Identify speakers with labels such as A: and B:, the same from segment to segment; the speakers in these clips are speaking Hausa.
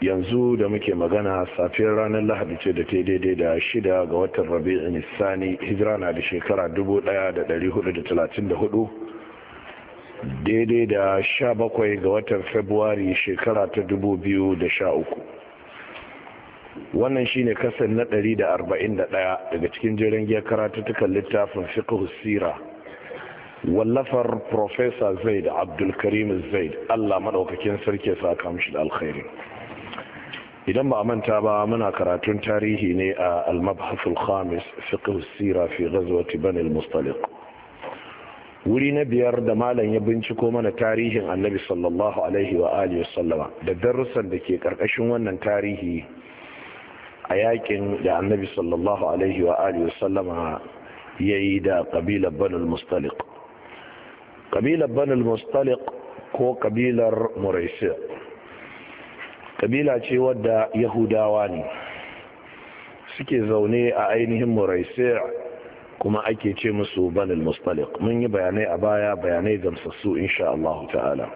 A: yanzu da muke magana safiyar ranar lahadi ce da ta daidai da shida ga watan rabi'in nisani hijira na da shekara 1434 daidai da sha bakwai ga watan februari shekara ta 2013 wannan shine kasan na 141 daga cikin jiran giyar karatuttukan littafin fiqh sira wallafar professor zaid abdulkarim zaid allah maɗaukakin sarki ya sa kamshi da alkhairi idan ba manta ba muna karatun tarihi ne a almabhasul khamis fiqh sira fi ghazwat bani al-mustaliq wuri na biyar da malam ya binciko mana tarihin annabi sallallahu alaihi wa alihi sallama da darussan da ke karkashin wannan tarihi a yakin da annabi sallallahu alaihi wa alihi sallama ya yi da al-mustaliq qabila bani al-mustaliq ko kabilar muraysi kabila ce wadda yahudawa ne suke zaune a ainihin muraisi kuma ake ce musu banil mustalik mun yi bayanai a baya bayanai gamsassu insha Allah ta'ala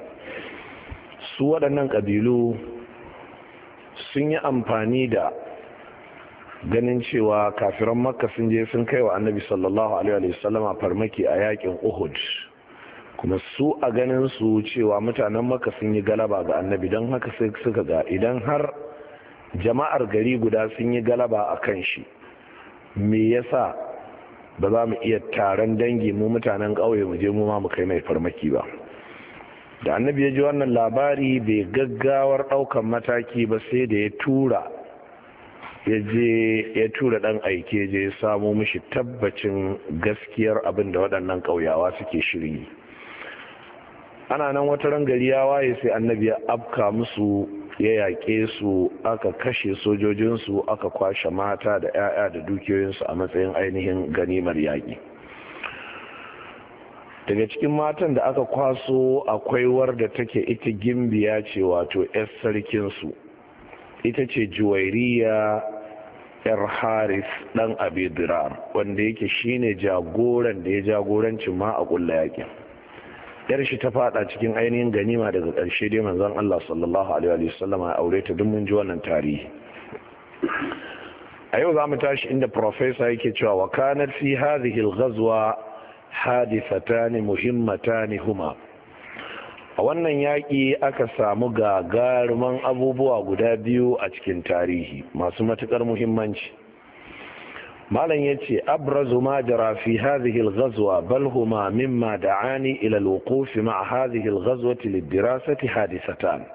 A: su waɗannan ƙabilu sun yi amfani da ganin cewa kafiran makka sun je sun kai wa annabi sallallahu alaihi wasallama farmaki a yakin uhud kuma su a ganin su cewa mutanen maka sun yi galaba ga annabi don haka sai suka ga idan har jama'ar gari guda sun yi galaba a kan shi me yasa ba za mu iya taron dangi mu mutanen ƙauye mu je mu ma mu kai mai farmaki ba da annabi ya ji wannan labari bai gaggawar ɗaukan mataki ba sai da ya tura ya je ya tura ɗan aike je ya samo mishi tabbacin gaskiyar abin da waɗannan ƙauyawa suke shiri ana nan wata ran gari ya waye sai annabi ya afka musu ya yaƙe su aka kashe sojojinsu aka kwashe mata da 'ya'ya da dukiyoyinsu a matsayin ainihin ganimar yaƙi daga cikin matan da aka kwaso akwai warda take ita gimbiya ce wato 'yar sarkinsu ita ce juwairiya 'yar haris ɗan abidirar wanda yake shine jagoran da ya jagoranci ma a ƙulla yaƙin yar shi ta fada cikin ainihin ganima daga ƙarshe dai manzon Allah sallallahu alaihi wa sallama ya aure ta duk mun ji wannan tarihi a yau za mu tashi inda professor yake cewa wa kanat fi hadhihi al-ghazwa muhimmatan huma a wannan yaki, aka samu gagaruman abubuwa guda biyu a cikin tarihi masu matuƙar muhimmanci malam ya ce abrazu ma jara fi hadhihi al-ghazwa bal huma mimma da'ani ila al-wuquf ma hadhihi al-ghazwati hadisatan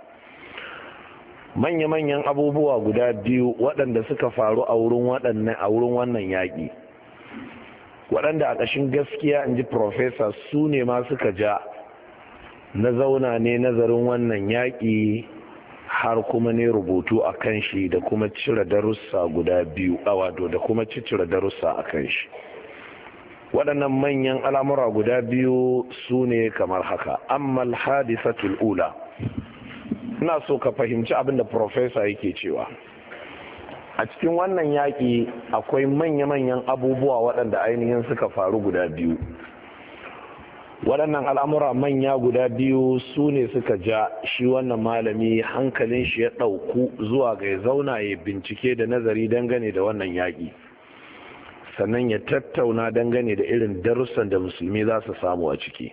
A: manya-manyan abubuwa guda biyu waɗanda suka faru a wurin a wurin wannan yaƙi waɗanda a ƙashin gaskiya inji ji sune su ne ma suka ja na zauna ne nazarin wannan yaƙi har kuma ne rubutu a kan shi da kuma cire darussa guda biyu a wato da kuma cicire darussa a kan shi waɗannan manyan al'amura guda biyu su ne kamar haka ammal hadisatul ula ina so ka fahimci abin da profesa yake cewa a cikin wannan yaƙi akwai manya-manyan abubuwa waɗanda ainihin suka faru guda biyu waɗannan al'amura manya guda biyu su ne suka ja shi wannan malami hankalin shi ya ɗauku zuwa ga zauna ya bincike da nazari dangane da wannan yaƙi sannan ya tattauna dangane da irin darussan da musulmi za su samu a ciki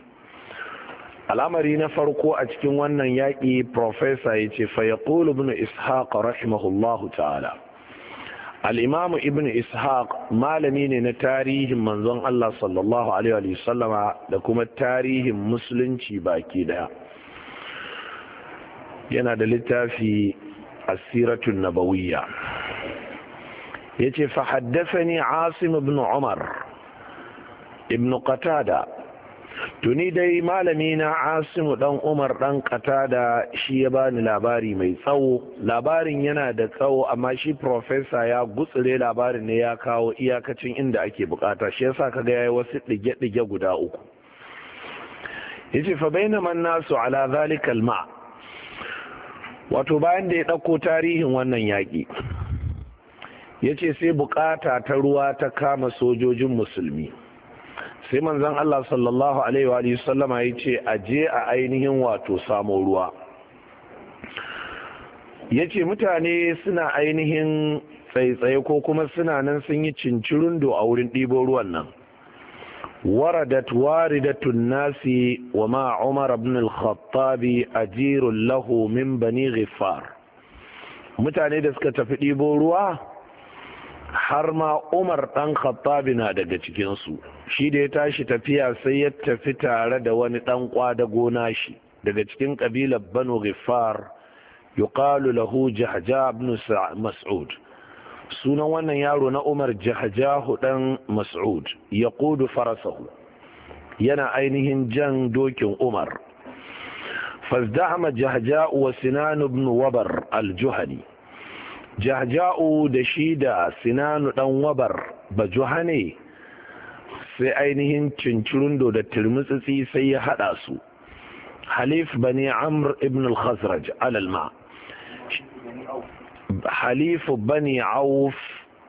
A: al'amari na farko a cikin wannan yaƙi profesa ya ce fayaƙulu bin ishaq rahimahullahu ta'ala al'imamu ibn ishaq malami ne na tarihin manzon Allah sallallahu Alaihi da kuma tarihin musulunci baki daya yana da littafi asiratun nabawiyya ya ce ni asim ibn umar ibn qatada tuni dai malami na asimu dan umar dan da shi ya bani labari mai tsawo labarin yana da tsawo amma shi profesa ya gutsure labarin ne ya kawo iyakacin inda ake bukata shi yasa kaga yayi wasu dige-dige guda uku yace fa bainama nasu ala zalika alma wato bayan da ya dauko tarihin wannan yaki yace sai bukata ta ruwa ta kama sojojin musulmi sai manzan Allah sallallahu alaihi wa sallama ya ce a a ainihin wato samun ruwa ya ce mutane suna ainihin tsaye-tsaye ko kuma suna nan sun yi do a wurin ɗibo ruwan nan waradat waridatun nasi wa ma umar ibn al-khattabi ajirun lahu min bani ghifar mutane da suka tafi ɗibo ruwa har ma umar ɗan khattabi na daga cikinsu shi da ya tashi tafiya sai ya tafi tare da wani ɗan kwada gona shi daga cikin ƙabilar banu gifar yuqalu lahu jahja ibn mas'ud sunan wannan yaro na umar jahjahu dan mas'ud ya ƙudu farasahu yana ainihin jan dokin umar فازدحم جهجاء وسنان بن وبر الجهني jahja'u da shi da sinanu dan wabar ba bajuhane sai ainihin cincirundo da turmutsitsi sai ya hada su halif bani amr ibn al-khazraj alalma halif bani auf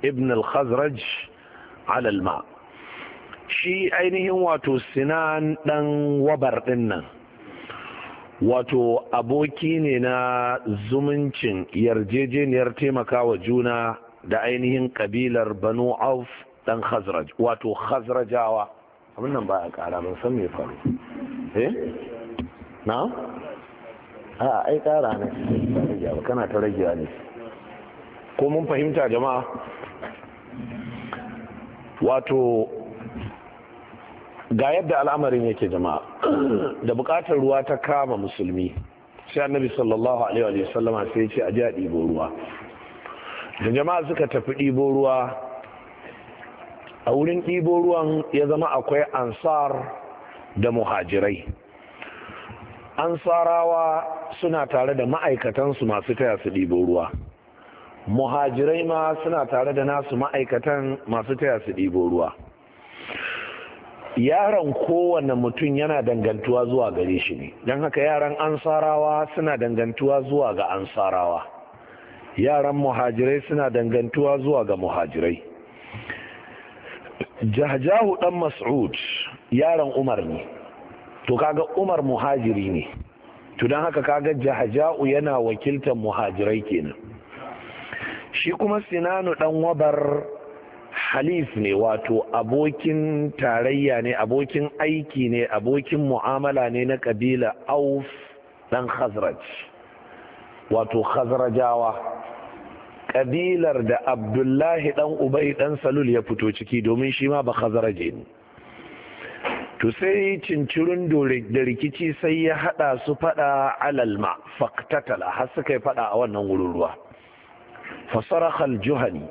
A: ibn al-khazraj alalma shi ainihin wato sinan dan wabar dinnan wato aboki ne na zumuncin yarjejeniyar taimakawa juna da ainihin kabilar banu auf dan khazraj wato khazrajawa abin nan ba a kara ban san me faru eh na a ai kara ne kana ta ragewa ne ko mun fahimta jama'a wato ga yadda al'amarin yake jama'a da bukatar ruwa ta kama musulmi sai annabi sallallahu alaihi wa sallama sai ya ce a ji ɗibo ruwa da jama'a suka tafi ɗibo ruwa a wurin ɗibo ruwan ya zama akwai ansar da muhajirai ansarawa suna tare da ma'aikatansu masu taya su ɗibo ruwa muhajirai ma suna tare da nasu ma'aikatan masu taya su ɗibo ruwa yaron kowane mutum yana dangantuwa zuwa gare shi ne don haka yaran ansarawa suna dangantuwa zuwa ga ansarawa yaran muhajirai suna dangantuwa zuwa ga muhajirai jahjahu dan mas'ud yaran umar ne to kaga umar muhajiri ne to don haka kaga jahja'u yana wakiltar muhajirai kenan shi kuma sinanu dan wabar halif ne wato abokin tarayya ne abokin aiki ne abokin mu'amala ne na kabila auf dan khazraj wato khazrajawa kabilar da abdullahi dan ubai dan salul ya fito ciki domin shi ma ba khazraje ne to sai cincirin da rikici sai ya hada su fada alalma faktatala har suka yi fada a wannan wurin ruwa fasarahal juhani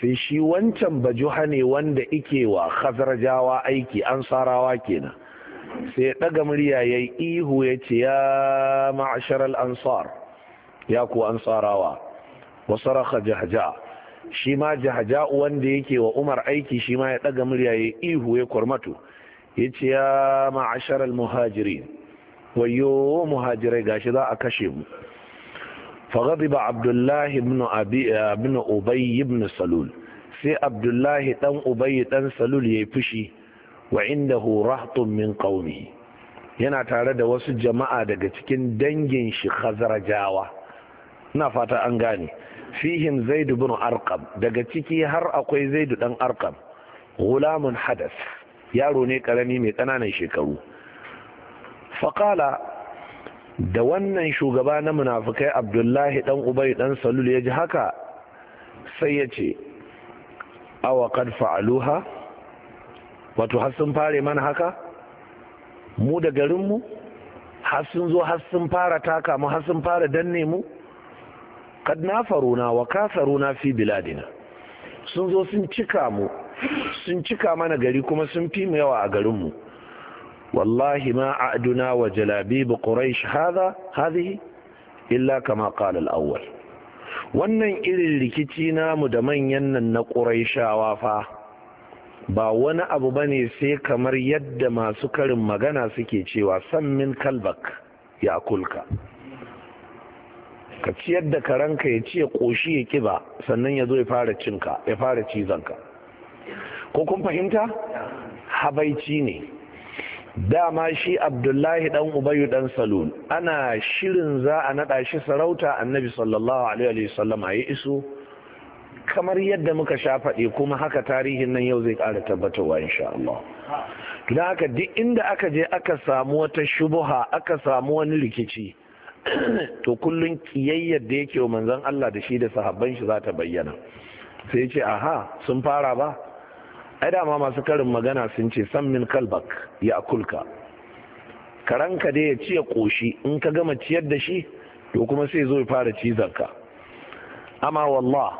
A: sai shi wancan bajuha ne wanda ike wa khazrajawa aiki an sarawa kenan sai daga murya yayi ihu ya ma'ashar al ansar ya ku ansarawa wa saraha jahja shi ma jahja wanda yake wa umar aiki shi ma ya daga murya yayi ihu ya kurmato ya ma'ashar al muhajirin wayo muhajirai gashi za a kashe mu فغضب عبد الله بن أبي بن أبي بن سلول سي عبد الله تن أبي تن سلول يفشي وعنده رهط من قومه yana tare da wasu jama'a daga cikin dangin shi khazrajawa ina fata an gane fihim zaid ibn arqam daga ciki har akwai zaid dan arqam gulamun hadas yaro ne karami mai ƙananan shekaru faqala da wannan shugaba na munafukai abdullahi dan ubai dan salul ya ji haka sai ya ce awa kad fa'aluha wato har sun fare mana haka mu da garinmu har sun zo har sun fara taka mu har sun fara danne mu kad nafaruna wa kasaruna fi biladina sun zo sun cika mu sun cika mana gari kuma sun fi mu yawa a garinmu wallahi ma a'duna wa jalabi هذا هذه إلا كما illa kama wannan irin rikici namu da manyan nan na quraishawa fa ba wani abu bane sai kamar yadda masu karin magana suke cewa san min kalbak ya kulka ka ci yadda karanka ya ce ƙoshi ya kiba sannan ya zo ya fara cinka ya fara cizonka ko kun fahimta habaici ne dama shi abdullahi dan ubayu dan Salun ana shirin za a nada shi sarauta annabi sallallahu alaihi wasallam yi iso kamar yadda muka sha faɗi kuma haka tarihin nan yau zai ƙara tabbatarwa insha Allah don haka duk inda aka je aka samu wata shubuha aka samu wani rikici to kullun kiyayyar da yake wa manzon Allah da shi da sahabban shi za ta bayyana sai ce aha sun fara ba ai dama masu karin magana sun ce san min kalbak ya kulka. karanka dai ya ci ya koshi in ka gama ciyar da shi to kuma sai zo ya fara cizarka amma wallah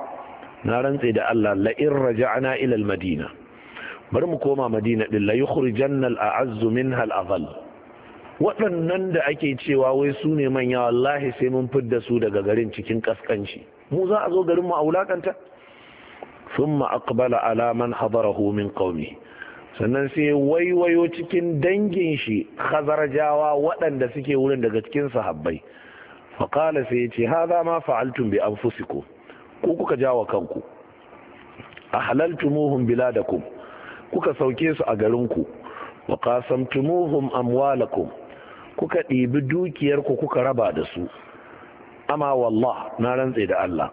A: na rantse da Allah la in raja'na ila al-madina bar mu koma madina din la yukhrijanna al-a'azz minha al-adhall waɗannan da ake cewa wai su ne manya wallahi sai mun fidda su daga garin cikin kaskanci mu za a zo garin mu a wulakanta ثم aqbala على من حضره من قومه sannan sai waiwayo cikin dangin shi khazarjawa waɗanda suke wurin daga cikin sahabbai faƙala sai ya ce haza ma fa'altun bi anfusikum ku kuka jawa kanku a halaltumuhum biladakum kuka sauke su a garinku wa qasamtumuhum amwalakum kuka ɗibi dukiyarku kuka raba da su amma wallah na rantse da Allah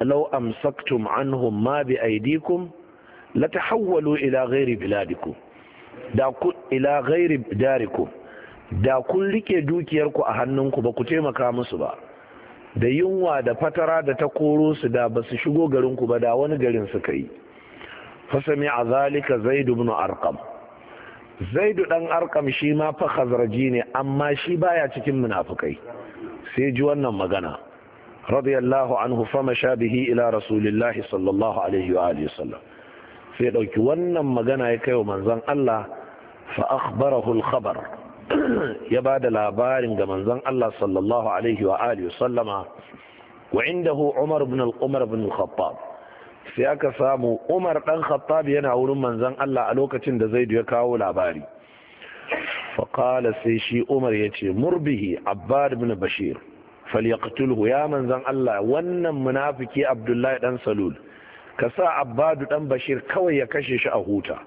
A: law amsaktum anhum ma bi aidikum la tahawwalu ila ghairi biladikum da ku ila ghairi darikum da kun rike dukiyarku a hannunku ba ku taimaka musu ba da yunwa da fatara da ta koro su da ba su shigo garinku ba da wani garin suka yi fasami a zalika zaid ibn arqam zaidu dan arkam shi ma fa khazraji ne amma shi baya cikin munafukai sai ji wannan magana radiyallahu anhu fama sha bihi ila rasulillahi sallallahu alaihi wa alihi sallam sai dauki wannan magana ya kai wa manzon Allah fa akhbarahu al-khabar ya bada labarin ga manzon Allah sallallahu alaihi wa alihi sallama wa indahu Umar ibn al-Umar ibn al-Khattab sai aka samu umar dan khattab yana wurin manzon Allah a lokacin da zaidu ya kawo labari faƙala sai shi umar ya ce murbihi abbad ibn bashir falyaqtulhu ya manzon Allah wannan munafiki abdullahi dan salul ka sa abbadu dan bashir kawai ya kashe shi a huta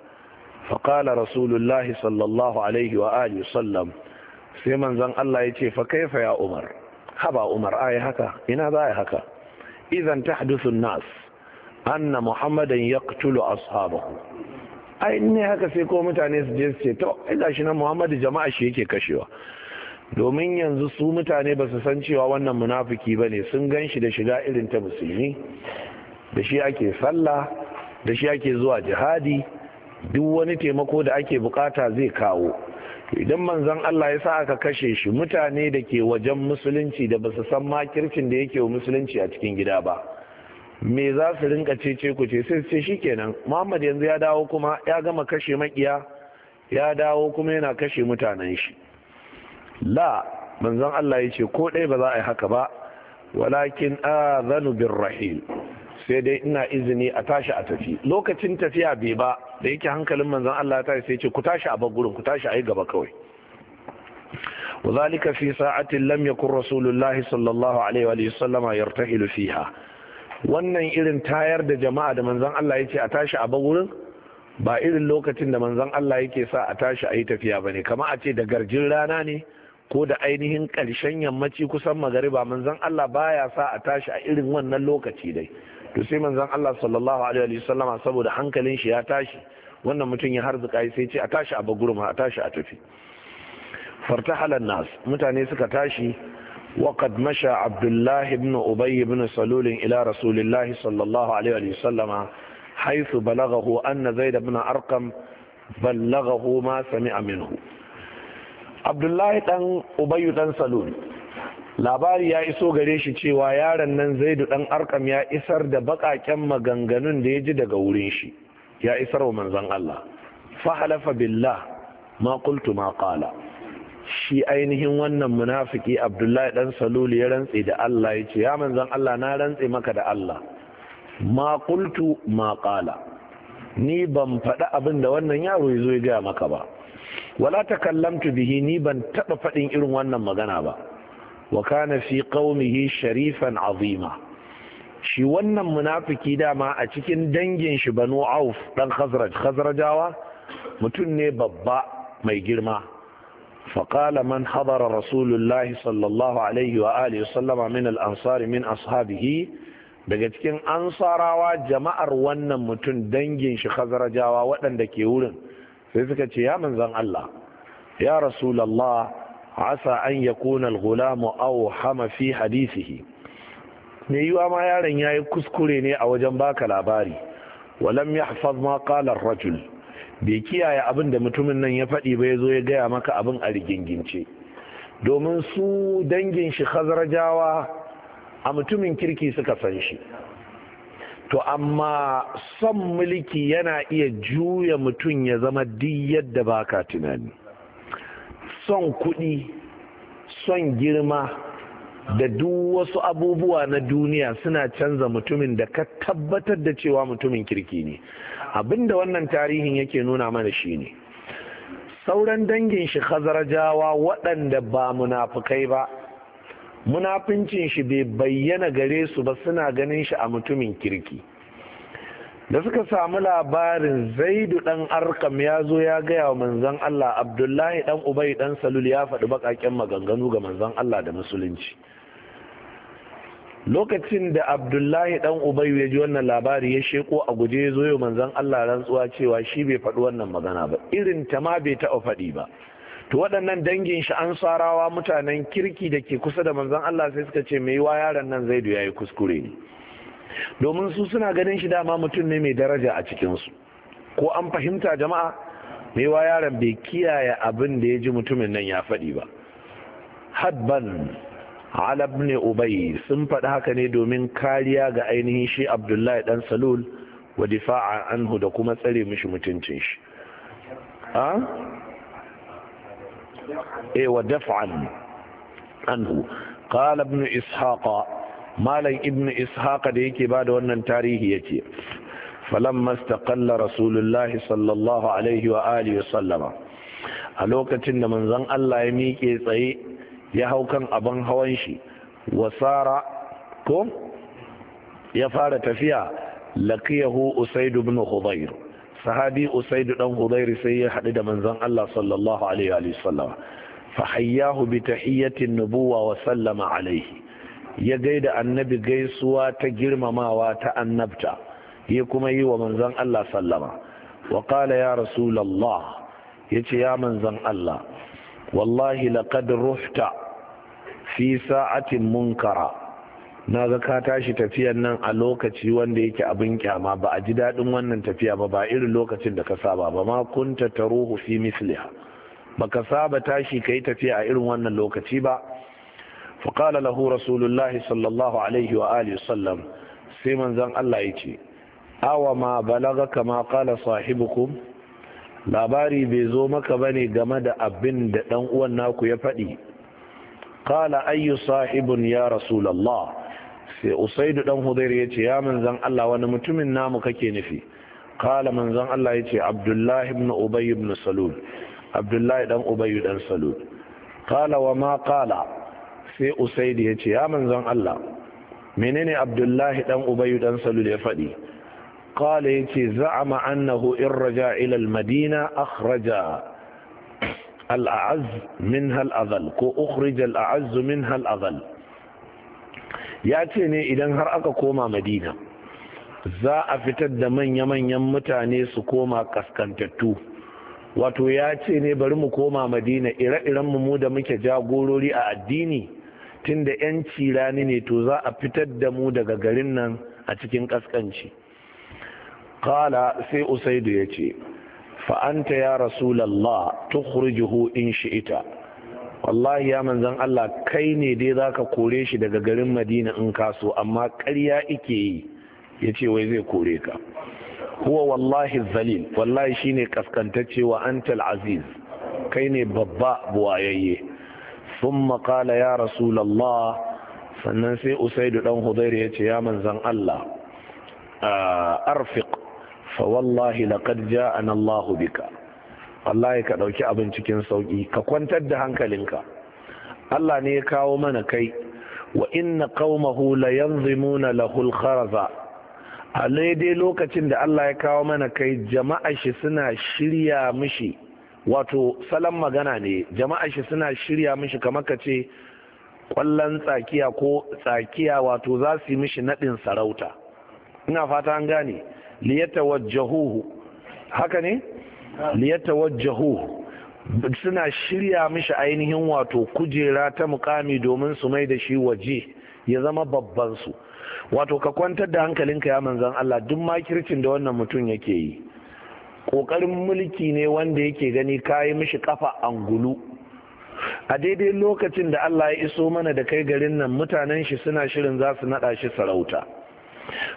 A: faƙala rasulullahi sallallahu alaihi wa alihi sallam sai manzon Allah ya ce fa kaifa ya umar haba umar ai haka ina za a haka idan tahdusu nas anna muhammadan yaqtulu ashabahu ai ne haka sai ko mutane su je su ce to ga shi na muhammadu jama'a shi yake kashewa domin yanzu su mutane ba su san cewa wannan munafiki ba ne sun gan shi da shiga irin ta musulmi da shi ake sallah da shi ake zuwa jihadi duk wani taimako da ake bukata zai kawo idan manzon Allah ya sa aka kashe shi mutane da ke wajen musulunci da ba su san makircin da yake wa musulunci a cikin gida ba me za su rinka cece ku ce sai ce shikenan muhammad yanzu ya dawo kuma ya gama kashe makiya ya dawo kuma yana kashe mutanen shi la manzon Allah yace ko daya ba za a yi haka ba walakin azanu rahil sai dai ina izini a tashi a tafi lokacin tafiya bai ba da yake hankalin manzon Allah ya tashi sai ce ku tashi a bar gurin ku tashi a yi gaba kawai wa zalika fi sa'atin lam yakun rasulullahi sallallahu alaihi wa sallama yartahilu fiha wannan irin tayar da jama'a da manzan Allah yake a tashi a bagurin, ba irin lokacin da manzan Allah yake sa a tashi a yi tafiya ba ne kama a ce da garjin rana ne ko da ainihin ƙarshen yammaci kusan magari magariba manzan Allah baya sa a tashi a irin wannan lokaci dai to sai manzan Allah sallallahu alaihi wasallama saboda hankalin shi ya tashi wannan mutum ya harzuka sai ce a tashi a bagurma a tashi a tafi fartahalan nas mutane suka tashi وقد مشى عبد الله بن أبي بن سلول إلى رسول الله صلى الله عليه وسلم حيث بلغه أن زيد بن أرقم بلغه ما سمع منه عبد الله بن أبي بن سلول labari ya iso gare shi cewa yaron nan zaidu dan arkam ya isar da bakaken maganganun da ya ji daga wurin shi ya isar wa manzon Allah fa halafa billah ma qultu ma qala shi ainihin wannan munafiki abdullahi dan salulu ya rantse da Allah ya ce ya manzan Allah na rantse maka da Allah ma maƙala. ma kala ni ban faɗi abin da wannan yaro ya zo ya gaya maka ba wala takallamtu bihi ni ban taɓa faɗin irin wannan magana ba wa kana fi qaumihi sharifan azima shi wannan munafiki dama a cikin dangin shi banu auf dan khazraj khazrajawa mutum ne babba mai girma فقال من حضر رسول الله صلى الله عليه وآله وسلم من الأنصار من daga cikin ansarawa jama'ar wannan mutum dangin shi khazarajawa waɗanda ke wurin sai suka ce ya manzan Allah ya rasulallah asa an yakuna al-ghulamu aw hama fi hadisihi me yiwa ma yaron yayi kuskure ne a wajen baka labari walam yahfaz ma qala rajul bai kiyaye abin da mutumin nan ya faɗi ba ya zo ya gaya maka abin a rigingince domin su dangin shi kazarajawa, a mutumin kirki suka san shi to amma son mulki yana iya juya mutum ya zama duk yadda baka tunani son kuɗi son girma da duk wasu abubuwa na duniya suna canza mutumin da ka tabbatar da cewa mutumin kirki ne abinda wannan tarihin yake nuna mana shi ne, sauran dangin shi khazarajawa waɗanda ba munafukai ba munafincin shi bai bayyana gare su ba suna ganin shi a mutumin kirki da suka samu labarin zaidu ɗan arkam ya zo ya gaya wa manzan Allah abdullahi ɗan ubai ɗan salul ya faɗi baƙaƙen maganganu ga manzan Allah da musulunci lokacin da abdullahi dan ubayu ya ji wannan labari ya sheko a guje ya zo yau manzon Allah rantsuwa cewa shi bai faɗi wannan magana ba irin ta ma bai taɓa faɗi ba to waɗannan dangin shi an sarawa mutanen kirki da ke kusa da manzan Allah sai suka ce mai yiwa yaron nan zaidu yi kuskure ne domin su suna ganin shi dama mutum ne mai daraja a cikin su ko an fahimta jama'a mai yiwa yaron bai kiyaye abin da ya ji mutumin nan ya faɗi ba hadban ala ibn ubay sun faɗi haka ne domin kariya ga ainihin shi abdullahi dan salul wa difa'a anhu da kuma tsare mishi mutuncin shi a e eh, wa daf'an anhu qala ibn ishaqa malam ibn ishaqa da yake bada wannan tarihi yake falamma istaqalla rasulullahi sallallahu alaihi wa alihi wa sallama a lokacin da manzon Allah ya miƙe tsaye ya hau kan abin hawan shi wasara ko ya fara tafiya laqiyahu usaid ibn hudayr sahabi usaid dan hudayr sai ya hadu da manzon Allah sallallahu alaihi wa sallam fa hayyahu bi tahiyyati nubuwa wa sallama alaihi ya gaida annabi gaisuwa ta girmamawa ta annabta ya kuma yi wa manzon Allah sallama wa qala ya rasulullah yace ya manzon Allah wallahi laqad ruhta fi sa'atin munkara na ga ka tashi tafiyan nan a lokaci wanda yake abin kyama ba a ji daɗin wannan tafiya ba ba irin lokacin da ka saba ba ma kunta taruhu fi misliha baka saba tashi kai tafiya a irin wannan lokaci ba فقال له رسول الله صلى الله عليه وآله وسلم سيمن زن الله يتي أو ما بلغ كما قال صاحبكم labari bai zo maka bane game da abin da dan uwan naku ya faɗi qala ayyu sahibun ya rasulullah sai usaidu dan hudair ya ce ya manzon Allah wani mutumin namu kake nufi qala manzon Allah ya ce abdullahi ibn ubay ibn salul abdullahi dan ubay dan salul qala wa ma qala sai usaidu ya ce ya manzon Allah menene abdullahi dan ubayu dan salul ya faɗi qala yace za'a annahu in raja ila al-madina akhraja al-a'az ko ukhrija al-a'az minha ya ce ne idan har aka koma madina za a fitar da manya-manyan mutane su koma kaskantattu wato ya ce ne bari mu koma madina ire-iren mu da muke jagorori a addini tun da 'yanci rani ne to za a fitar da mu daga garin nan a cikin kaskanci kala sai usaidu ya ce fa'anta ya rasulallah tukhrijuhu in shi'ita wallahi ya manzan Allah kai ne dai zaka kore shi daga garin Madina in kaso amma ƙarya ike yi ya ce wai zai kore ka huwa wallahi zalil wallahi shine kaskantacce wa antal aziz kai ne babba buwayayye thumma qala ya rasulallah sannan sai usaidu dan ya yace ya manzan Allah arfiq fa wallahi laqad ja'ana Allahu bika wallahi ka dauki abin cikin sauki ka kwantar da hankalinka Allah ne ya kawo mana kai wa inna qaumahu la yanzimuna lahu al-kharaza a daidai lokacin da Allah ya kawo mana kai jama'a shi suna shirya mishi wato salon magana ne jama'a shi suna shirya mishi kamar ka ce kwallon tsakiya ko tsakiya wato za su yi mishi naɗin sarauta ina fata an gane liyatawajjahuhu haka ne liyatawajjahuhu suna shirya mishi ainihin wato kujera ta mukami domin su mai da shi waje ya zama babban su wato ka kwantar da hankalinka ya manzan Allah duk makircin da wannan mutum yake yi ƙoƙarin mulki ne wanda yake gani kayi mishi kafa angulu a daidai lokacin da Allah ya iso mana da kai garin nan mutanen shi suna shirin za su naɗa shi sarauta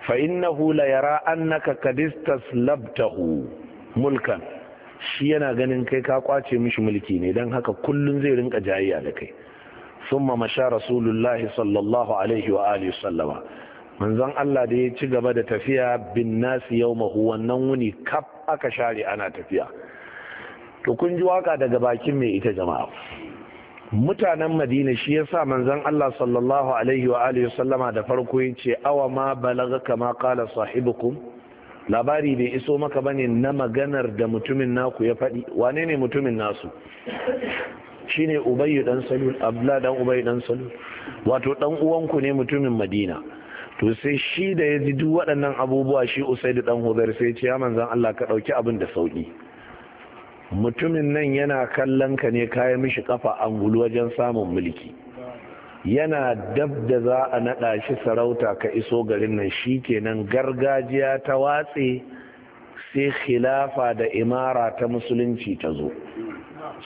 A: fa Hula la yara annaka kadistas labtahu mulkan shi yana ganin kai ka kwace mishi mulki ne don haka kullum zai rinka jayayya da kai ma masha rasulullahi sallallahu alaihi wa alihi sallama manzon Allah da ya ci gaba da tafiya bin nasi mahu wannan wuni kaf aka share ana tafiya to kun ji waka daga bakin mai ita jama'a mutanen madina shi yasa manzon Allah sallallahu alaihi wa alihi sallama da farko yace awa ma balaga kama qala sahibukum labari bai iso maka bane na maganar da mutumin naku ya faɗi wane ne mutumin nasu shine ubayy dan salul abla dan ubayyu dan salul wato dan uwanku ne mutumin madina to sai shi da ya ji duk waɗannan abubuwa shi usaidu dan hudair sai ya ce ya manzon Allah ka ɗauki abin da sauki mutumin nan yana kallon ka ne kayan mishi kafa angulu wajen samun mulki yana dab da za a naɗa shi sarauta ka iso garin nan shi kenan gargajiya ta watse sai khilafa da imara ta musulunci ta zo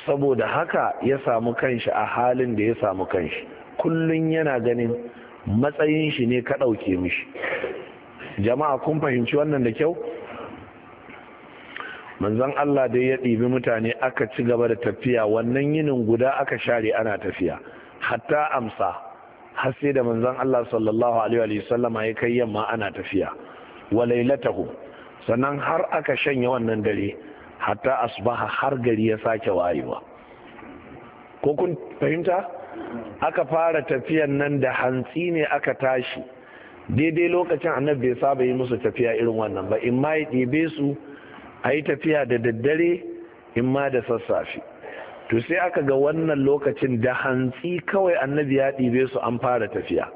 A: saboda haka ya samu kanshi a halin da ya samu kanshi kullum yana ganin matsayin shi ne ka ɗauke mishi jama'a kun fahimci wannan da kyau manzon Allah dai ya ɗibi mutane aka ci gaba da tafiya wannan yinin guda aka share ana tafiya hatta amsa har sai da manzon Allah sallallahu alaihi wa ya kai yamma ana tafiya wa lailatahu sannan har aka shanye wannan dare hatta asbaha har gari ya sake wayewa ko kun fahimta aka fara tafiyan nan da hantsi ne aka tashi daidai lokacin annabi bai saba yi musu tafiya irin wannan ba in ma ya ɗebe su a yi tafiya da daddare in ma da sassafe to sai aka ga wannan lokacin da hantsi kawai annabi ya ɗibe su an fara tafiya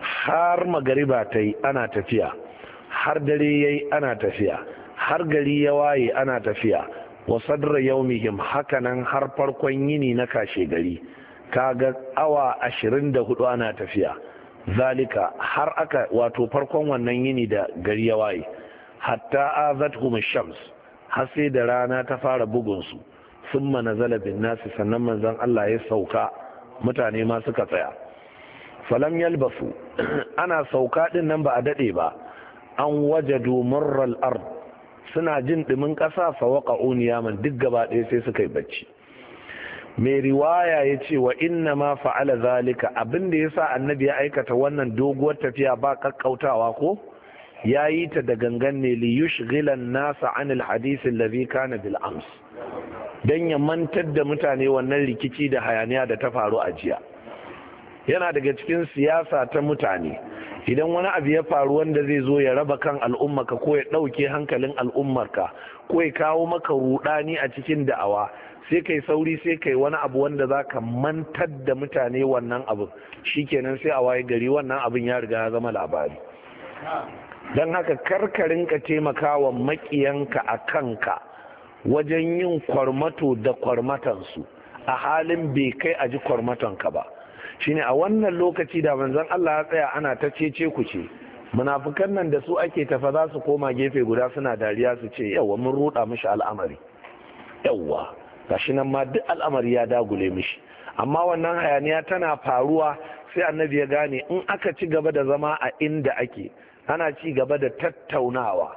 A: har magariba ta yi ana tafiya har dare ya yi ana tafiya har gari ya waye ana tafiya wa sadra yaumihim hakanan har farkon yini na kashe gari kaga awa ashirin da hudu ana tafiya zalika har aka wato farkon wannan yini da gari ya waye hatta azatuhum shams har sai da rana ta fara bugun su mana nazala bin nasi sannan manzon Allah ya sauka mutane ma suka tsaya falam yalbasu ana sauka din nan ba a dade ba an wajadu murral ard suna jin ɗimin ƙasa fa waqa'u duk gaba ɗaya sai suka yi bacci mai riwaya ya ce wa inna ma fa'ala zalika abin da ya sa annabi ya aikata wannan doguwar tafiya ba kakkautawa ko ya yi ta da gangan ne liyush gilan nasa anil hadisin lafi kana bil ams dan ya mantar da mutane wannan rikici da hayaniya da ta faru a jiya yana daga cikin siyasa ta mutane idan wani abu ya faru wanda zai zo ya raba kan al'umma ka ko ya ɗauke hankalin ka ko ya kawo maka rudani a cikin da'awa sai kai sauri sai kai wani abu wanda za ka mantar da mutane wannan Shi shikenan sai a waye gari wannan abin ya riga ya zama labari don haka ka karkarinka taimakawa makiyanka a kanka wajen yin kwarmato da kwarmatansu a halin bai kai a ji kwarmatonka ba shine a wannan lokaci da manzon Allah ya tsaya ana ta cece ku ce munafukan nan da su ake tafa za su koma gefe guda suna dariya su ce yawa mun ruda mishi al'amari yawa gashi nan ma duk al'amari ya dagule mishi amma wannan hayaniya tana faruwa sai annabi ya gane in aka ci gaba da zama a inda ake ana ci gaba da tattaunawa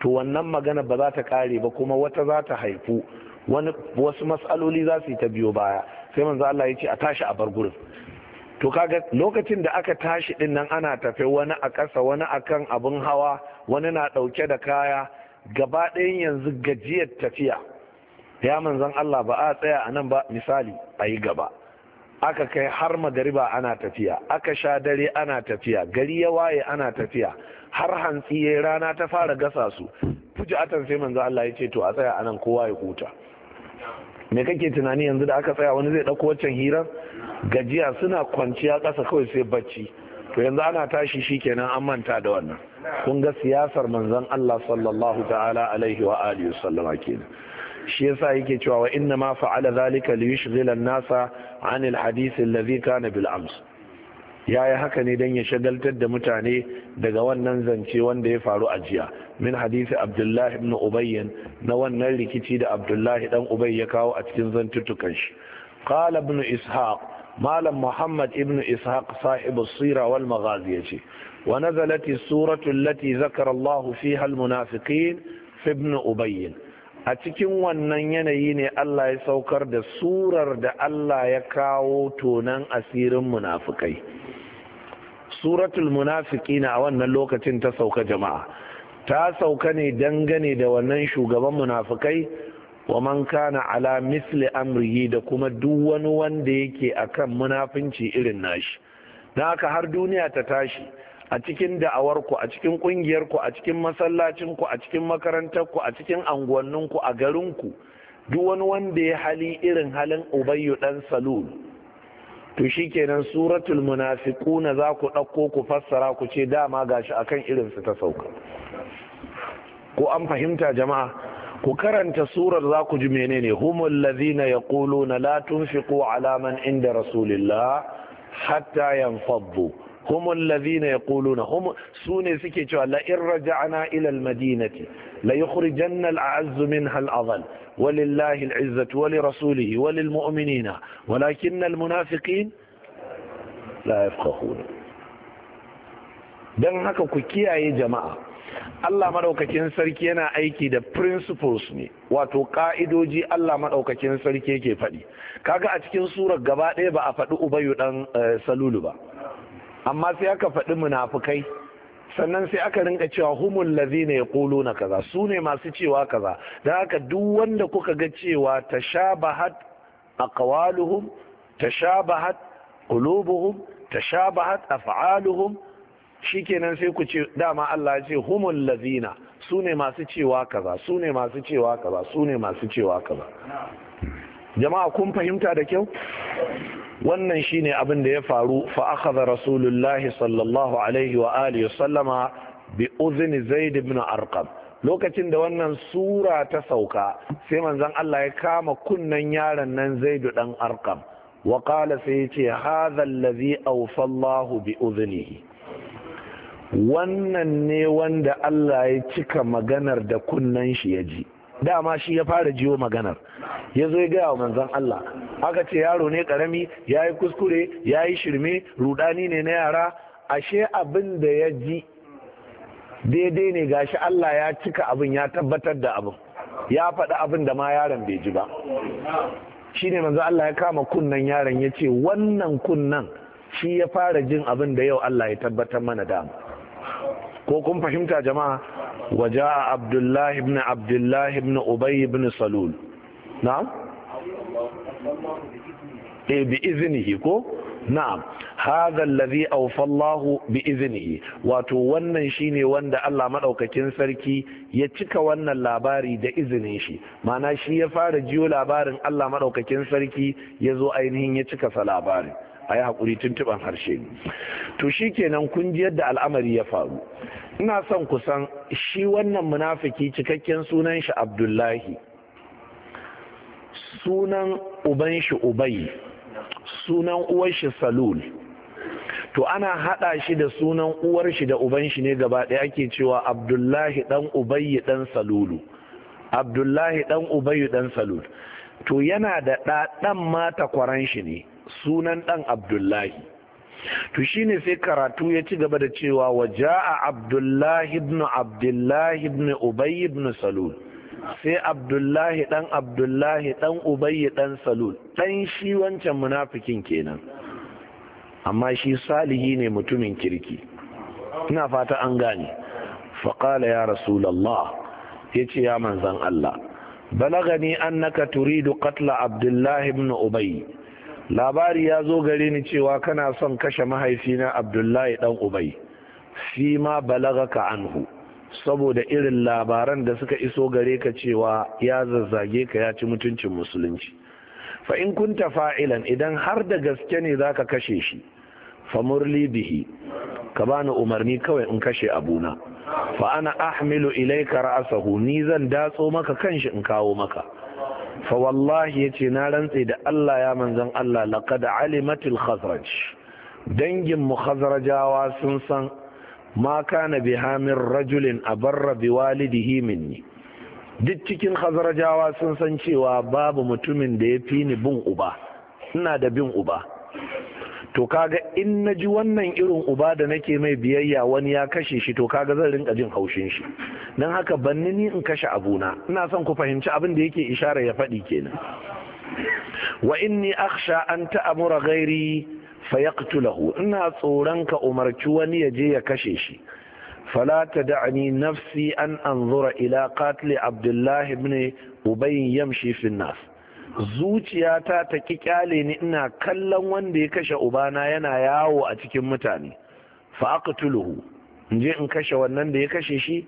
A: to wannan magana ba za ta kare ba kuma wata za ta haifu wasu matsaloli za su yi ta biyo baya sai manzo Allah ya ce a tashi a bar gurin to kaga lokacin da aka tashi din nan ana tafe wani a ƙasa wani akan abun hawa wani na ɗauke da kaya gaba ɗayan yanzu gajiyar tafiya ya manzon Allah ba a tsaya a nan ba misali ayi gaba aka kai har magariba ana tafiya aka sha dare ana tafiya gari ya waye ana tafiya har hantsi ya rana ta fara gasa su fuji atan sai manzo Allah ya ce to a tsaya anan kowa ya huta me kake tunani yanzu da aka tsaya wani zai dauko wancan hirar gajiya suna kwanciya kasa kawai sai bacci to yanzu ana tashi shikenan an manta da wannan kun ga siyasar manzon Allah sallallahu ta'ala alaihi wa alihi wasallama kenan shi yasa yake cewa wa inna ma fa'ala zalika li yushghila an-nasa anil hadisin allazi na bil ams ya yi haka ne don ya shagaltar da mutane daga wannan zance wanda ya faru a jiya min hadisi abdullahi ibn ubayyin na wannan rikici da abdullahi dan ubay ya kawo a cikin zantuttukan shi qala ibn ishaq malam muhammad ibn ishaq sahibu sira wal maghazi yace wa nazalat suratu allati zakara allah fiha al munafiqin fi ibn ubayyin a cikin wannan yanayi ne Allah ya saukar da surar da Allah ya kawo tonan asirin munafukai suratul na a wannan lokacin ta sauka jama'a ta sauka ne dangane da wannan shugaban munafukai wa man kana ala misli amrihi da kuma duk wani wanda yake akan munafinci irin nashi don haka har duniya ta tashi a cikin da'awarku a cikin ƙungiyarku a cikin masallacinku a cikin makarantarku a cikin anguwanninku a garinku duk wani wanda ya hali irin halin ubayyu dan salul to shikenan suratul munafiquna za ku ɗauko ku fassara ku ce dama gashi akan irinsu ta sauka ko an fahimta jama'a ku karanta surar za ku ji menene humul ladhina yaquluna la tunfiqu ala man inda rasulillah hatta yanfaddu humul ladhina yaquluna hum sune suke cewa la in raja'na ila al madinati la yukhrijanna al a'azzu minha al adhal ولله العزة ولرسوله وللمؤمنين ولكن المنافقين لا يفقهون don haka ku kiyaye jama'a Allah maɗaukakin sarki yana aiki da principles ne wato ka'idoji Allah maɗaukakin sarki yake faɗi kaga a cikin surar gaba ɗaya ba a faɗi ubayu ɗan eh, salulu ba amma sai aka faɗi munafukai sannan sai aka rinka cewa humul lazi ne na kaza su ne masu cewa kaza da haka duk wanda kuka ga cewa ta ta a tashabahat aqwaluhum tashabahat a fa'aluhun shi shikenan sai ku ce dama Allah ya ce humul lazi na su ne masu cewa kaza su ne masu cewa kaza su ne masu cewa kaza jama'a kun fahimta da kyau wannan shine abin da ya faru fa akhadha rasulullahi sallallahu alaihi wa alihi sallama bi udhni zaid ibn arqam lokacin da wannan sura ta sauka sai manzon Allah ya kama kunnen yaron nan zaid dan arqam wa qala sai yace hadha alladhi awfa Allah bi uzini wannan ne wanda Allah ya cika maganar da kunnen shi ya ji dama shi ya fara jiyo maganar ya zo ya gaya wa manzan Allah aka ce yaro ne karami ya yi kuskure ya yi shirme rudani ne na yara ashe abin da ya ji daidai ne gashi Allah ya cika abin ya tabbatar da abin ya faɗi abin da ma yaron bai ji ba shine manzan Allah ya kama kunnan yaron ya ce wannan kunnan shi ya fara jin abin da yau Allah ya tabbatar mana dama ko kun fahimta jama'a وجاء عبد الله بن عبد الله بن أبي بن سلول نعم إيه بإذنه كو na'am hadha alladhi awfa Allah bi iznihi wato wannan shine wanda Allah maɗaukakin sarki ya cika wannan labari da izinin shi mana shi ya fara jiyo labarin Allah maɗaukakin sarki ya zo ainihin ya cikasa labari. a yi haƙuri tuntuban harshe to shi kenan kun ji yadda al'amari ya faru ina son kusan shi wannan munafiki cikakken sunan shi abdullahi sunan uban shi ubai sunan uwar shi salul to ana haɗa shi da sunan uwar shi da uban shi ne gaba ɗaya ake cewa abdullahi ɗan ubayyi ɗan salulu abdullahi ɗan ubayyi ɗan salul to yana da ɗaɗan mata kwaran shi ne sunan ɗan abdullahi to shine sai karatu ya ci gaba da cewa wa ja'a abdullahi ibn abdullahi ibn ubay ibn salul sai abdullahi ɗan abdullahi ɗan ubay dan salul dan shi wancan munafikin kenan amma shi salihi ne mutumin kirki ina fata an gane faqala ya rasulullah yace ya manzan Allah balagani naka turidu katla abdullahi ibn ubay labari ya zo gare ni cewa kana son kashe mahaifina abdullahi dan ubai fi ma balagaka anhu saboda irin labaran da suka iso gare ka cewa ya zazzage ka ya ci mutuncin musulunci fa in kunta fa'ilan idan har da gaske ne zaka kashe shi fa murli bihi ka bani umarni kawai in kashe abuna fa ana ahmilu ilayka ra'asahu ni zan datso maka kanshi in kawo maka fa wallahi ce na rantse da Allah ya manzan Allah da alimatul khazraj dangin mu khazrajawa sun san ma kana bi hamir rajulin abarra bi walidihi minni duk cikin khazrajawa sun san cewa babu mutumin da ya fi ni bin uba ina da bin uba to kaga in na ji wannan irin uba da nake mai biyayya wani ya kashe shi to kaga zan rinka jin haushin shi don haka banni ni in kashe abuna ina son ku fahimci abin da yake ishara ya faɗi kenan wa inni akhsha an ta'mura ghairi fayaqtulahu ina tsoron ka umarci wani ya je ya kashe shi fala tad'ani nafsi an anzura ila qatli abdullahi ibn ubay yamshi fi nas zuciyata ta ki kyale ni ina kallon wanda ya kashe ubana yana yawo a cikin mutane fa aqtuluhu in in kashe wannan da ya kashe shi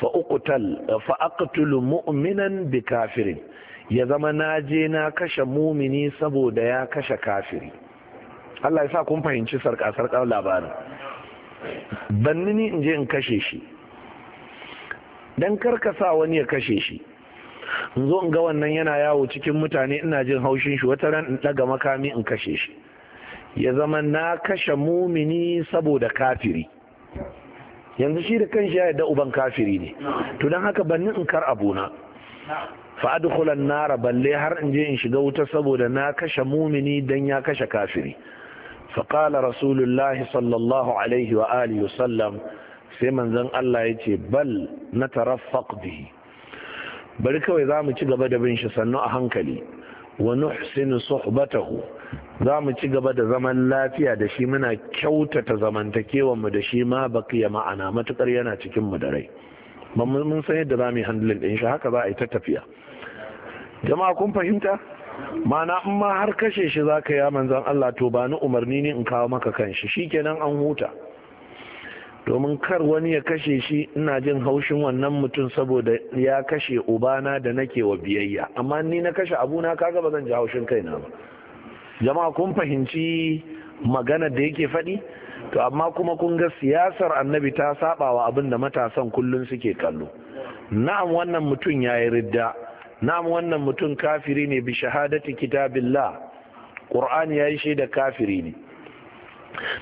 A: fa uqtal fa aqtulu mu'minan bi kafirin ya zama na je na kashe mumini saboda ya kashe kafiri Allah ya sa kun fahimci sarka sarka labarin banni ni in in kashe shi dan karkasa wani ya kashe shi in zo in ga wannan yana yawo cikin mutane ina jin haushin shi wata ran in daga makami in kashe shi ya zama na kashe mumini saboda kafiri yanzu shi da kanshi ya yadda uban kafiri ne to don haka banni in kar abuna fa adkhulan nara balle har in je in shiga wuta saboda na kashe mumini dan ya kashe kafiri faƙala qala rasulullah sallallahu alaihi wa alihi wasallam sai manzon Allah yace bal na nataraffaq bihi bari kawai za mu ci gaba da bin shi sannu a hankali wa nuhsinu suhbatahu za mu ci gaba da zaman lafiya da shi muna kyautata zamantakewan mu da shi ma baqiya ma'ana matukar yana cikin mu da rai mun san yadda za mu yi handling din shi haka za a yi ta tafiya jama'a kun fahimta mana in ma har kashe shi zaka ya manzon Allah to ba ni umarni ne in kawo maka kanshi shikenan an huta domin kar wani ya kashe shi ina jin haushin wannan mutum saboda ya kashe ubana da nake wa biyayya amma ni na kashe abuna kaga ba zan ji haushin kaina ba jama'a kun fahimci magana da yake faɗi to amma kuma kun ga siyasar annabi ta saba wa abin da matasan kullun suke kallo na'am wannan mutum ya yi ridda na'am wannan mutum kafiri ne bi shahadati kitabillah qur'ani yi shaida kafiri ne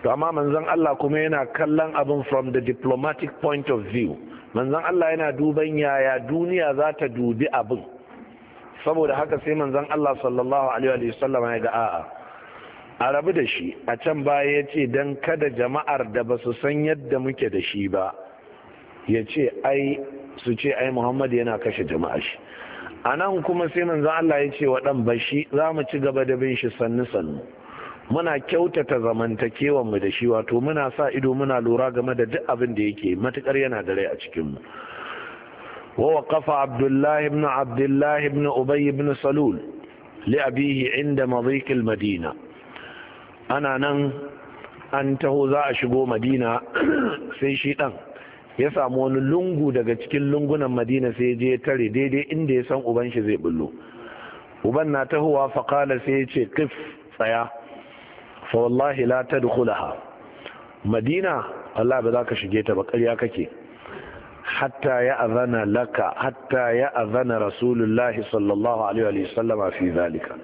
A: to amma manzon Allah kuma yana kallon abin from the diplomatic point of view manzon Allah yana duban yaya duniya za ta dubi abin saboda haka sai manzon Allah sallallahu alaihi wa sallam ya ga a'a a rabu da shi a can baya ya ce don kada jama'ar da ba su san yadda muke da shi ba ya ce ai su ce ai muhammad yana kashe jama'a shi a nan kuma sai manzon Allah ya ce wa dan bashi za mu ci gaba da bin shi sannu sannu muna kyautata zamantakewan mu da shi wato muna sa ido muna lura game da duk abin da yake matukar yana da rai a cikin mu ibn abdullahi ibn ubay ibn salul li أبي inda سلول al madina Ana nan an taho za a shigo madina sai shi ɗan ya samu wani lungu daga cikin lungunan madina sai je tare daidai inda ya san uban shi zai bullo uban na tahowa faƙala sai ya ce kif tsaya fa wallahi la tadkhulaha madina Allah ba za ka shige ta ba ƙarya kake hatta ya azana laka hatta ya azana rasulullah sallallahu alaihi wa sallama fi zalika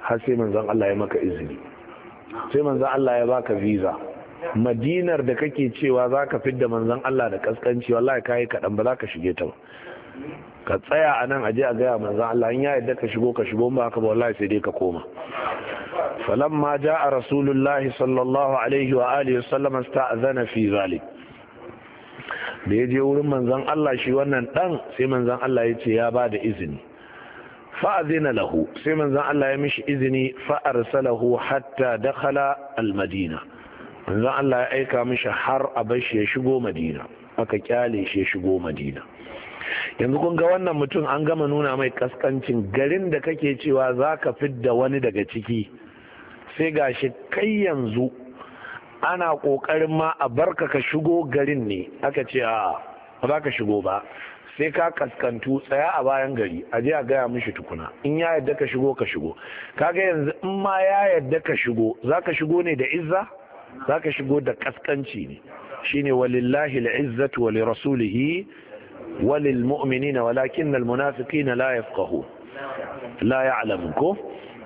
A: har sai manzan Allah ya maka izini sai manzan Allah ya baka visa madinar da kake cewa za ka fidda manzan Allah da kaskanci wallahi yi kaɗan ba za ka shige ta ba ka tsaya a nan aje a gaya manzon Allah in ya yadda ka shigo ka shigo ba haka ba wallahi sai dai ka koma فلما جاء رسول الله صلى الله عليه وآله وسلم استأذن في ذلك da ya je wurin manzan Allah shi wannan dan sai manzan Allah ya ce ya ba da izini fa'azina lahu sai manzan Allah ya mishi izini fa'arsalahu hatta dakhala al-madina manzan Allah ya aika mishi har a bashi ya shigo madina aka kyale shi ya shigo madina yanzu kun ga wannan mutum an gama nuna mai kaskancin garin da kake cewa zaka ka fidda wani daga ciki sai gashi kai yanzu ana ƙoƙarin ma a barka ka shigo garin ne aka ce a ba za ka shigo ba sai ka kaskantu tsaya a bayan gari a je a gaya mishi tukuna in ya yadda ka shigo ka shigo kaga yanzu in ma ya yadda ka shigo za ka shigo ne da izza za ka shigo da kaskanci ne shine walillahi al'izzatu wa lirasulihi wa lilmu'minina walakin almunafiqina la yafqahu la ko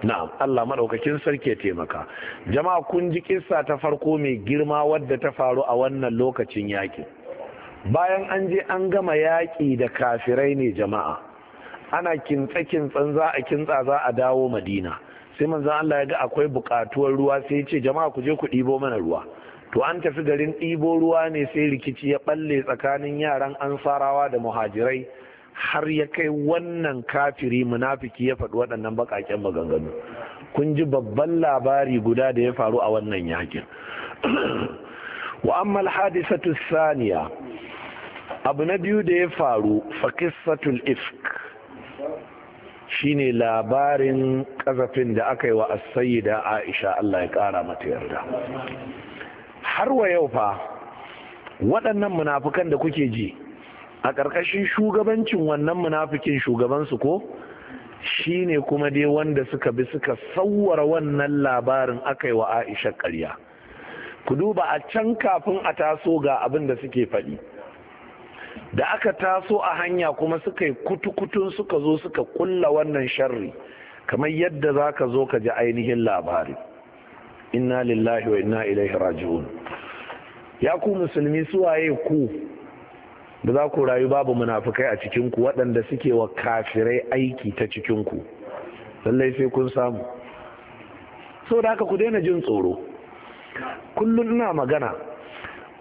A: na'am Allah madaukakin sarki ya taimaka jama'a kun ji kissa ta farko mai girma wadda ta faru a wannan lokacin yaki bayan an je an gama yaƙi da kafirai ne jama'a ana kintsa kintsan za a kintsa za a dawo madina sai manzon Allah ya ga akwai buƙatuwar ruwa sai ya ce jama'a ku je ku ɗibo mana ruwa to an tafi garin ɗibo ruwa ne sai rikici ya ɓalle tsakanin yaran ansarawa da muhajirai har ya kai wannan kafiri munafiki ya faɗi waɗannan baƙaƙen maganganu kun ji babban labari guda da ya faru a wannan yakin wa amma hadisatu saniya abu na biyu da ya faru fakisatul qissatul ifk shine labarin ƙazafin da aka yi wa as Aisha Allah ya ƙara mata yarda har wa yau fa waɗannan munafukan da kuke ji a ƙarƙashin shugabancin wannan munafikin shugabansu ko shi ne kuma dai wanda suka bi suka sauwara wannan labarin aka yi wa aisha karya? ku duba a can kafin a taso ga abin da suke faɗi da aka taso a hanya kuma suka yi kutukutun suka zo suka kulla wannan sharri kamar yadda za ka zo ka ji ainihin labari inna lillahi wa inna ilaihi raji'un ya ku musulmi suwaye ku da za ku rayu babu munafukai a cikinku waɗanda suke wa kafirai aiki ta cikinku lallai sai kun samu sau da haka ku daina jin tsoro kullum ina magana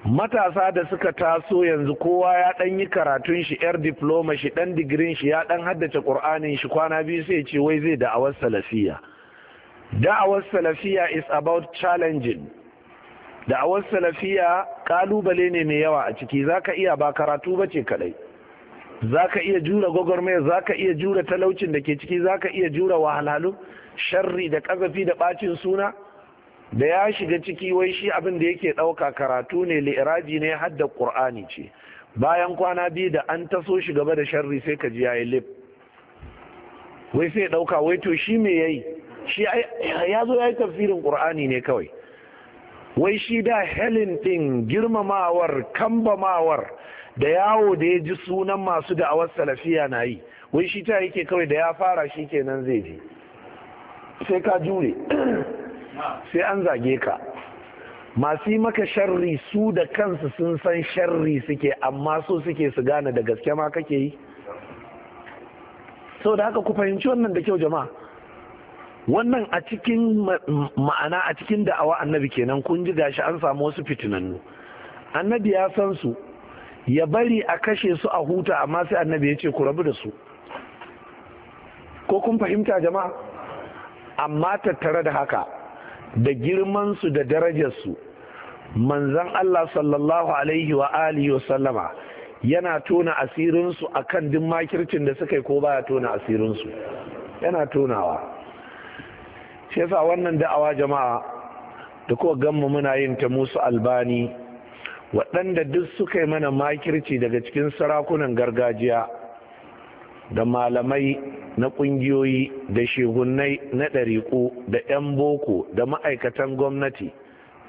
A: matasa da suka taso yanzu kowa ya ɗan yi karatun shi yar diploma shi ɗan digirin shi ya ɗan haddace ƙur'anin shi kwana biyu sai ce wai zai da'awar salafiya da'awar salafiya is about challenging Da da'awar salafiya kalubale ne mai yawa a ciki zaka iya ba karatu bace kadai zaka iya jura gwagwarmaya zaka iya jura talaucin da ke ciki zaka iya jura wahalhalu sharri da kazafi da bacin suna da ya shiga ciki wai shi abin da yake dauka karatu ne li'iraji ne hadda qur'ani ce bayan kwana biyu da an taso shi gaba da sharri sai ka ji yayi lip wai sai dauka wai to shi me yayi shi ya zo yayi tafsirin qur'ani ne kawai wai shi da helin ɗin girmamawar kambamawar da yawo da ya ji sunan masu da'awar salafiya na yi wai shi ta yake kawai da ya fara shi kenan zai ji? sai ka jure sai an zage ka masu yi maka sharri su da kansu sun san sharri suke amma so suke su gane da gaske ma kake yi sau da haka ku fahimci wannan da kyau jama'a wannan a cikin ma'ana a cikin da'awa annabi kenan kun ji gashi an samu wasu fitinannu annabi ya san su ya bari a kashe su a huta amma sai annabi ya ce ku rabu da su ko kun fahimta jama'a amma tattare da haka da girman su da darajar su manzon Allah sallallahu alaihi wa alihi wa sallama yana tona asirinsu a kan duk makircin da suka yi ko baya tona asirinsu yana tonawa shi yasa wannan da'awa jama'a da kuwa ganmu muna yin ta musu albani waɗanda duk suka yi mana makirci daga cikin sarakunan gargajiya da malamai na ƙungiyoyi da shegunnai na ɗariƙu da 'yan boko da ma'aikatan gwamnati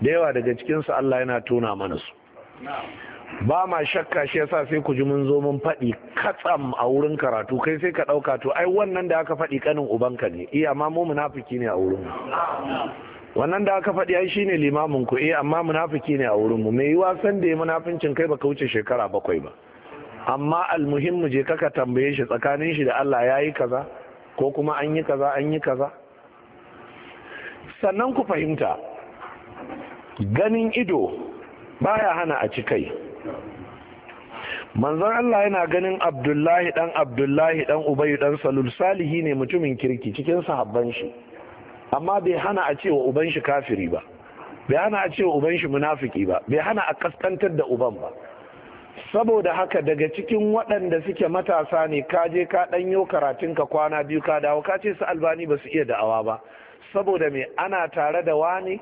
A: da yawa daga cikinsu allah yana tuna mana su ba ma shakka shi yasa sai ku ji mun zo mun faɗi katsam a wurin karatu kai sai ka ɗauka to ai wannan da aka faɗi kanin ubanka ne iya ma mu munafiki ne a wurin wannan da aka faɗi ai shine limamin ku eh amma munafiki ne a wurin mu mai yiwa san da munafincin kai baka wuce shekara bakwai ba amma almuhimmu je kaka tambaye shi tsakanin shi da Allah yayi kaza ko kuma an yi kaza an yi kaza sannan ku fahimta ganin ido baya hana a ci kai manzon Allah yana ganin Abdullahi dan Abdullahi dan Ubay dan Salul salihi ne mutumin kirki cikin sahabban shi amma bai hana a cewa uban shi kafiri ba bai hana a cewa uban shi munafiki ba bai hana a kaskantar da uban ba saboda haka daga cikin waɗanda suke matasa ne ka je ka ɗanyo karatun ka kwana biyu ka dawo ka ce su albani ba su iya da'awa ba saboda me ana tare da wani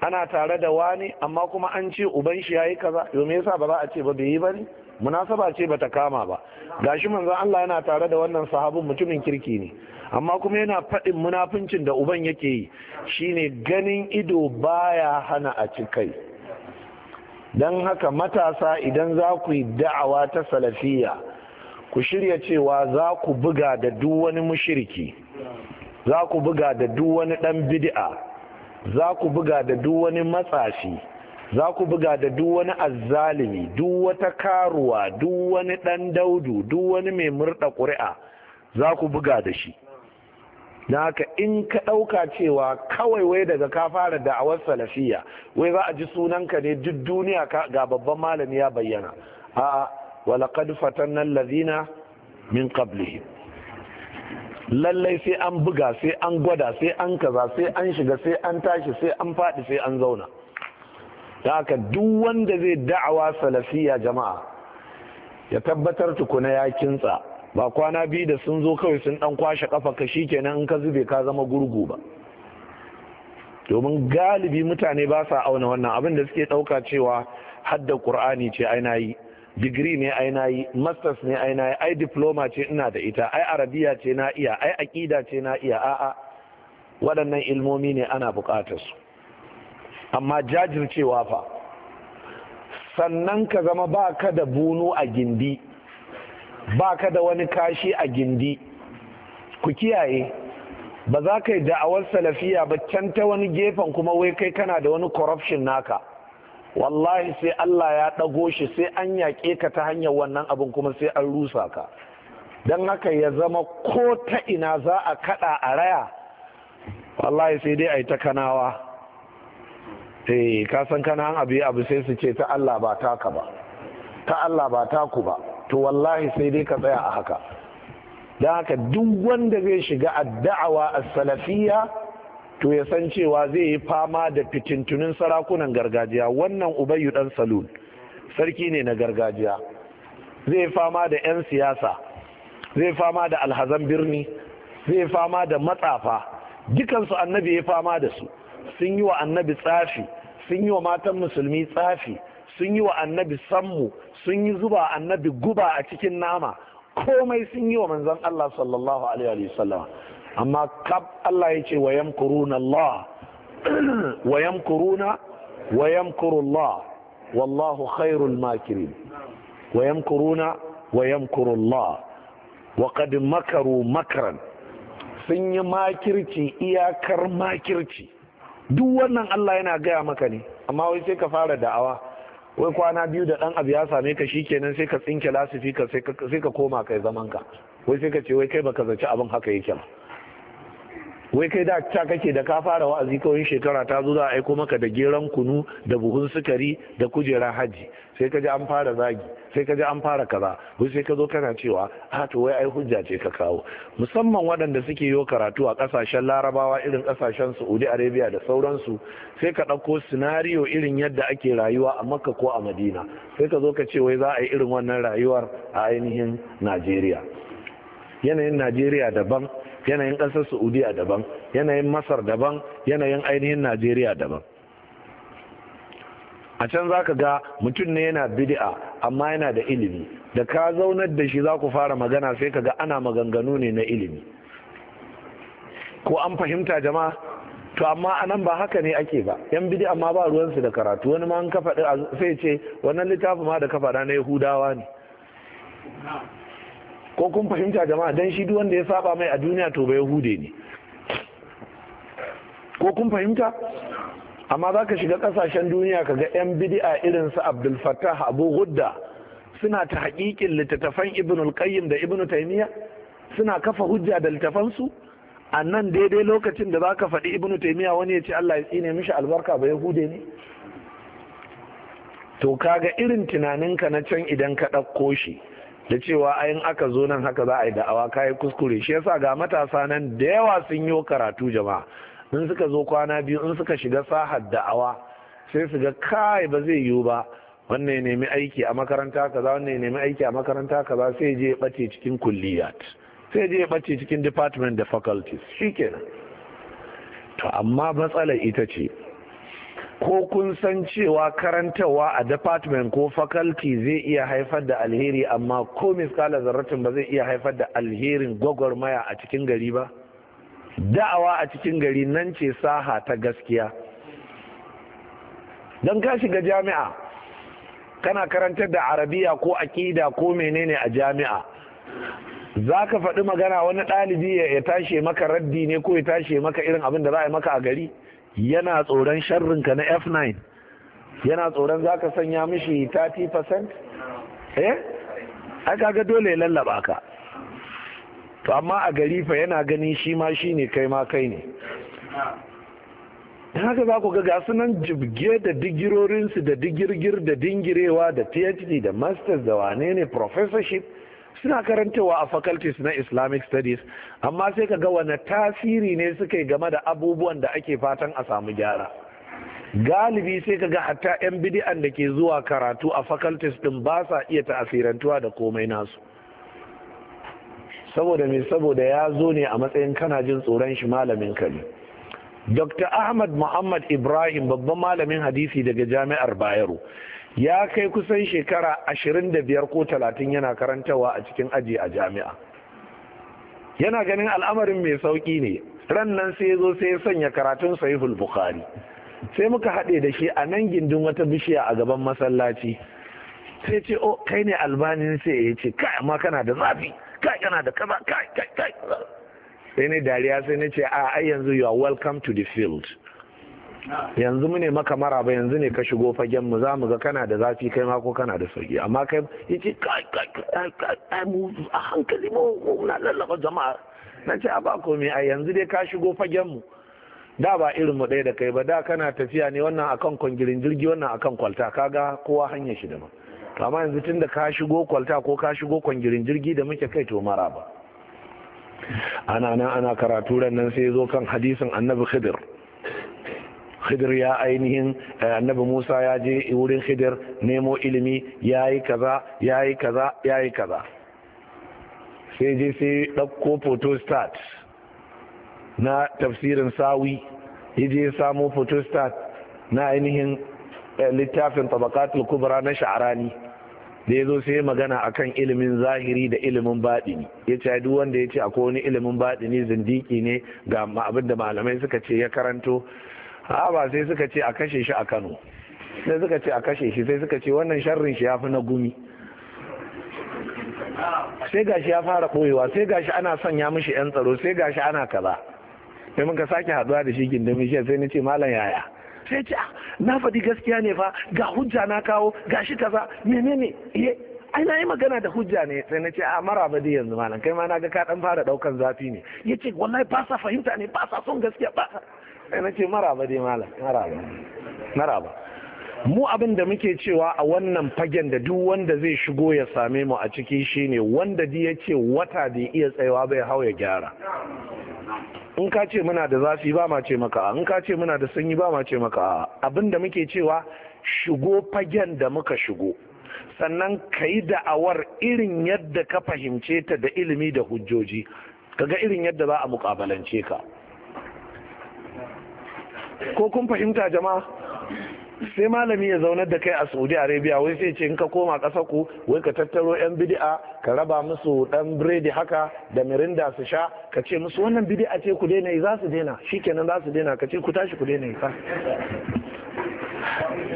A: ana tare da wani amma kuma an ce uban shi yayi kaza yo me yasa ba za a ce ba bai yi ba ne munasaba ce bata kama ba gashi manzon Allah yana tare da wannan sahabin mutumin kirki ne amma kuma yana faɗin munafincin da uban yake yi shine ganin ido baya hana a ci kai don haka matasa idan za ku yi da'awa ta salafiya ku shirya cewa za ku buga da duk wani mushiriki za ku buga da duk wani ɗan bid'a za ku buga da duk wani matsashi za ku buga da duk wani azzalimi duk wata karuwa duk wani ɗan daudu duk wani mai murɗa ƙuri'a za ku buga da shi na haka in ka ɗauka cewa kawai wai daga ka fara da'awar salafiya wai za a ji sunanka ne duk duniya ga babban malami ya bayyana a walaƙad fatanna lazina min qablihim lallai sai an buga sai an gwada sai an kaza sai an shiga sai an tashi sai an faɗi sai an zauna da haka duk wanda zai da'awa salafiya jama'a ya tabbatar tukuna ya kintsa ba kwana biyu da sun zo kawai sun dan kwashe kafa ka shi kenan in ka zube ka zama gurgu ba domin galibi mutane ba sa auna wannan abin da suke dauka cewa hadda qur'ani ce ai nayi digiri ne ai nayi masters ne ai nayi ai diploma ce ina da ita ai arabiya ce na iya ai akida ce na iya a'a waɗannan ilmomi ne ana buƙatar su amma jajircewa fa sannan ka zama ba ka da bunu a gindi ba ka da wani kashi a gindi ku kiyaye ba za ka yi da'awar salafiya ba can ta wani gefen kuma wai kai kana da wani corruption naka wallahi sai Allah ya ɗago shi sai an yaƙe ka ta hanyar wannan abin kuma sai an rusa ka don haka ya zama ko ta ina za a kaɗa a raya wallahi sai dai a yi ta kanawa eh kasan kana an abu abu sai su ce ta Allah ba taka ba ta Allah ba ku ba to wallahi sai dai ka tsaya a haka don haka duk wanda zai shiga adda'awa a salafiya to ya san cewa zai yi fama da fitintunin sarakunan gargajiya wannan yi dan salul sarki ne na gargajiya zai yi fama da 'yan siyasa zai fama da alhazan birni zai fama da matsafa dukansu annabi ya fama da su sun yi wa annabi tsafi sun yi wa matan musulmi tsafi sun yi wa annabi sammu sun yi zuba annabi guba a cikin nama komai sun yi wa manzon Allah sallallahu alaihi wa sallam amma kab Allah ya ce wa yamkuruna Allah wa yamkuruna wa yamkuru Allah wallahu khairul makirin wayan kuruna wayan yamkuru Allah wa qad makaru makaran, sun yi makirci iyakar makirci duk wannan Allah yana gaya maka ne amma wai sai ka fara da'awa wai kwana biyu da dan abu ya same ka shi kenan sai ka tsinke lasifi ka sai ka koma kai zaman ka wai sai ka ce wai kai baka zaci abin haka yake ba wai kai da ta kake da ka fara wa'azi kawai shekara ta zo za a aiko maka da geran kunu da buhun sukari da kujerar haji sai ka ji an fara zagi sai ka ji an fara kaza wai sai ka zo kana cewa a ah, to wai ai hujja ce ka kawo musamman waɗanda suke yiwa karatu a ƙasashen larabawa irin ƙasashen saudi arabia da sauransu sai ka ɗauko sinariyo irin yadda ake rayuwa a makka ko a madina sai ka zo ka ce wai za a yi irin wannan rayuwar a ainihin najeriya yanayin najeriya daban yanayin ƙasar saudiya daban yanayin masar daban yanayin ainihin najeriya daban a can za ka ga mutum ne yana bid'a amma yana da ilimi da ka zaunar da shi za ku fara magana sai ka ga ana maganganu ne na ilimi ko an fahimta jama'a to amma anan ba haka ne ake ba yan bidi'a ma ba ruwansu da karatu wani ma an kafa sai ce wannan littafi ma da kafa na yahudawa ne ko kun fahimta jama'a dan shi duk wanda ya saba mai a duniya to ba yahude ne ko kun fahimta amma za ka shiga kasashen duniya ka ga 'yan bidi'a irinsu su abdul fattah abu hudda suna ta haƙiƙin littattafan ibn al-qayyim da ibn taymiya suna kafa hujja da littattafansu a nan daidai lokacin da za ka faɗi ibn taymiya wani ya ce Allah ya tsine mishi albarka ba hude ne to kaga irin tunaninka na can idan ka ɗauko shi da cewa ayin aka zo nan haka za a yi da'awa ka yi kuskure shi yasa ga matasa nan da yawa sun yi karatu jama'a in suka zo kwana biyu in suka shiga sahar awa sai su ga kai ba zai yiwu ba wannan ya nemi aiki a makaranta kaza wannan ya nemi aiki a makaranta kaza sai je ya bace cikin kulliyat sai je ya bace cikin department da faculties shikenan to amma matsalar ita ce ko kun san cewa karantarwa a department ko faculty zai iya haifar da alheri amma ko miskala zarratin ba zai iya haifar da alherin gwagwarmaya a cikin gari ba da'awa a cikin gari nan ce saha ta gaskiya don ka shiga jami'a kana karantar da arabiya ko aƙida ko menene a jami'a za ka faɗi magana wani ɗalibi ya tashe maka raddi ne ko ya tashe maka irin abin da za a yi maka a gari yana tsoron sharrinka na f9 yana tsoron za ka sanya mishi 30% eh? aka ga dole ya lallaba ka to amma a gari fa yana ganin shi ma shi ne kai ma kai ne haka za ku ga gasu nan jibge da digirorinsu da digirgir da dingirewa da phd da masters da wane ne professorship suna karantawa a faculties na islamic studies amma sai ka ga wane tasiri ne suka yi game da abubuwan da ake fatan a samu gyara galibi sai ka ga hatta 'yan bidi'an da ke zuwa karatu a faculties din ba sa iya ta'asirantuwa da komai nasu saboda mai saboda ya zo ne a matsayin kana jin tsoron shi malamin ka ne dr ahmad muhammad ibrahim babban malamin hadisi daga jami'ar bayero ya kai kusan shekara 25 ko 30 yana karantawa a cikin aji a jami'a yana ganin al'amarin mai sauki ne ran nan sai zo sai ya sanya karatun sahihul bukhari sai muka haɗe da shi a nan gindin wata bishiya a gaban masallaci sai ce o oh, kai ne albanin sai ya ce kai amma kana da zafi kai yana da kaza kai kai kai sai ne dariya sai ne ce a ai yanzu you are welcome to the field yanzu mu ne maka ba yanzu ne ka shigo fagen mu za mu ga kana da zafi kai ma ko kana da sauki amma kai yace kai kai kai mu a hankali mu muna lallaba jama'a na ce a ba komai a yanzu dai ka shigo fagen mu da ba irin mu ɗaya da kai ba da kana tafiya ne wannan akan kwangirin jirgi wannan akan kwalta kaga kowa hanyar shi daban to amma yanzu tun da ka shigo kwalta ko ka shigo kwangirin jirgi da muke kai to mara ba ana nan ana karatu nan sai zo kan hadisin annabi khidir khidir ya ainihin eh, annabi musa ya je wurin khidir nemo ilimi ya yi kaza ya yi kaza ya kaza sai je sai ɗauko photostat na tafsirin sawi ya je samo photostat na ainihin eh, littafin tabakatul kubra na sha'arani da ya zo sai magana akan ilimin zahiri da ilimin baɗini ya ce duk wanda ya ce akwai wani ilimin baɗini zindiki ne ga abin da malamai suka ce ya karanto a ba sai suka ce a kashe shi a kano sai suka ce a kashe shi sai suka ce wannan sharrin shi ya fi na gumi sai gashi ya fara koyewa sai gashi ana sanya mishi yan tsaro sai gashi ana kaza sai muka sake haduwa da shi gindin shi sai ni ce malam yaya sai ce ah, na faɗi gaskiya ne fa ga hujja na kawo ga shi kaza menene iye eh, ai na yi magana da hujja ne sai na ce a ah, mara ba dai yanzu malam kai ma na ga ka dan fara daukan zafi ne yace wallahi ba sa fahimta ne ba sa son gaskiya ba sai na ce mara ba dai malam mara ba. mu abin da muke cewa a wannan fagen da duk wanda zai shigo ya same mu a ciki shine wanda da ya ce wata da iya tsayawa bai hau ya gyara in ka ce muna da zafi ba ma ce maka in ka ce muna da sanyi ba ma ce maka abin da muke cewa shigo fagen da muka shigo sannan ka yi da'awar irin yadda ka fahimce ta da ilimi da hujjoji kaga irin yadda za a mukabalance ka ko kun fahimta jama'a sai malami ya zaunar da kai a saudi arabia wai sai ce in ka koma ƙasa ku wai ka tattaro yan bidi'a ka raba musu dan biredi haka da mirinda su sha ka ce musu wannan bidi'a ce ku daina yi za su daina shikenan za su daina ka ce ku tashi ku daina yi ka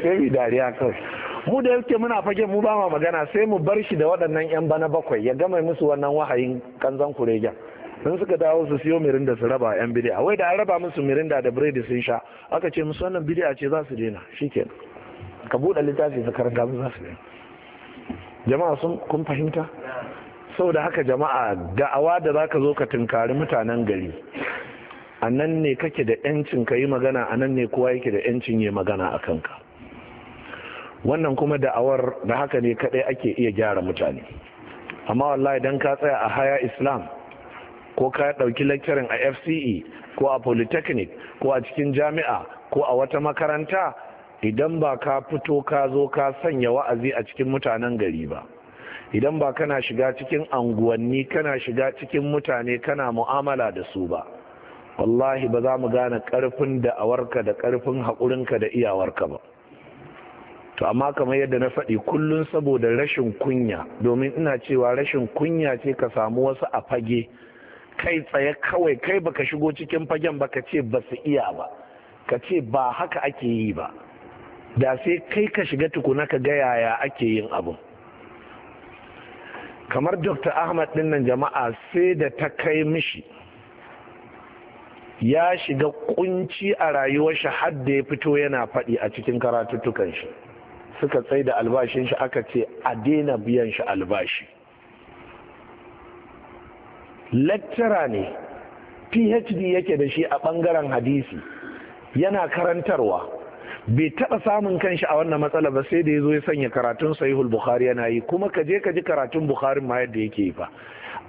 A: sai mu dariya kawai mu da yake muna fage mu ba ma magana sai mu bar shi da waɗannan yan bana bakwai ya gama musu wannan wahayin kanzan kuregen sun suka dawo su siyo mirinda su raba yan bidiya wai da an raba musu mirinda da biredi sun sha aka ce musu wannan bidiya ce za su daina shikenan ka buɗe littafi su karanta za su daina jama'a sun kun fahimta saboda haka jama'a da'awa da za ka zo ka tunkari mutanen gari a nan ne kake da yancin ka yi magana a nan ne kowa yake da yancin yi magana a kanka wannan kuma da'awar da haka ne kaɗai ake iya gyara mutane amma wallahi dan ka tsaya a haya islam ko ka ɗauki lecturing a fce ko a polytechnic ko a cikin jami'a ko a wata makaranta idan ba ka fito ka zo ka sanya wa'azi a cikin mutanen gari ba idan ba kana shiga cikin anguwanni kana shiga cikin mutane kana mu'amala da su ba wallahi ba za mu gane ƙarfin da'awarka da ƙarfin haƙurinka da iyawarka ba to amma kamar yadda na faɗi kullum saboda rashin kunya domin ina cewa rashin kunya ce ka samu wasu a fage kai tsaye kawai kai baka shigo cikin fagen ba ka ce ba su iya ba ka ce ba haka ake yi ba da sai kai ka shiga tukuna ka ga yaya ake yin abu kamar dr ahmad dinnan jama'a sai da ta kai mishi ya shiga kunci a rayuwar shi har ya fito yana faɗi a cikin karatuttukan shi suka tsaye da albashin shi aka ce a daina biyan shi albashi lecturer ne phd yake da shi a bangaren hadisi yana karantarwa bai taɓa samun kanshi a wannan matsala ba sai da ya zo ya sanya karatun sahihul bukhari yana yi kuma ka je ka ji karatun bukhari ma yadda yake yi fa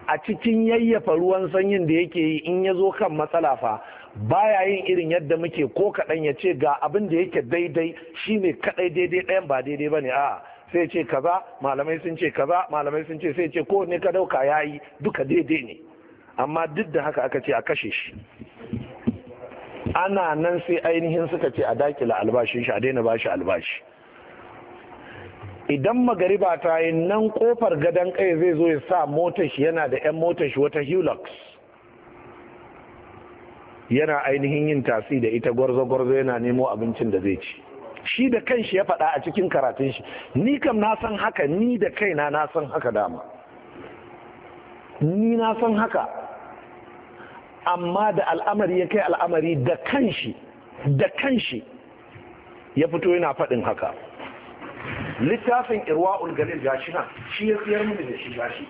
A: a cikin yayyafa ruwan sanyin da yake yi in ya zo kan matsala fa baya yin irin yadda muke ko kaɗan ya ce ga abin da yake daidai shi ne kaɗai daidai ɗayan ba daidai ba ne a sai ce kaza malamai sun ce kaza malamai sun ce sai ce ko ne ka dauka yayi duka daidai ne amma duk da haka aka ce a kashe shi ana nan sai ainihin suka ce a dakila albashin shi a daina bashi albashi idan magariba ta yi nan kofar gadon kai zai zo ya sa motar shi yana da 'yan motar shi wata hulux yana ainihin yin tasi da ita gwarzo-gwarzo yana nemo abincin da zai ci shi da kanshi ya faɗa a cikin karatun shi ni kam na san haka ni da kaina na san haka dama ni na san haka amma da al'amari ya kai al'amari da kanshi da kanshi ya fito yana faɗin haka littafin irwa galil gashi na shi ya tsayar mini da shi gashi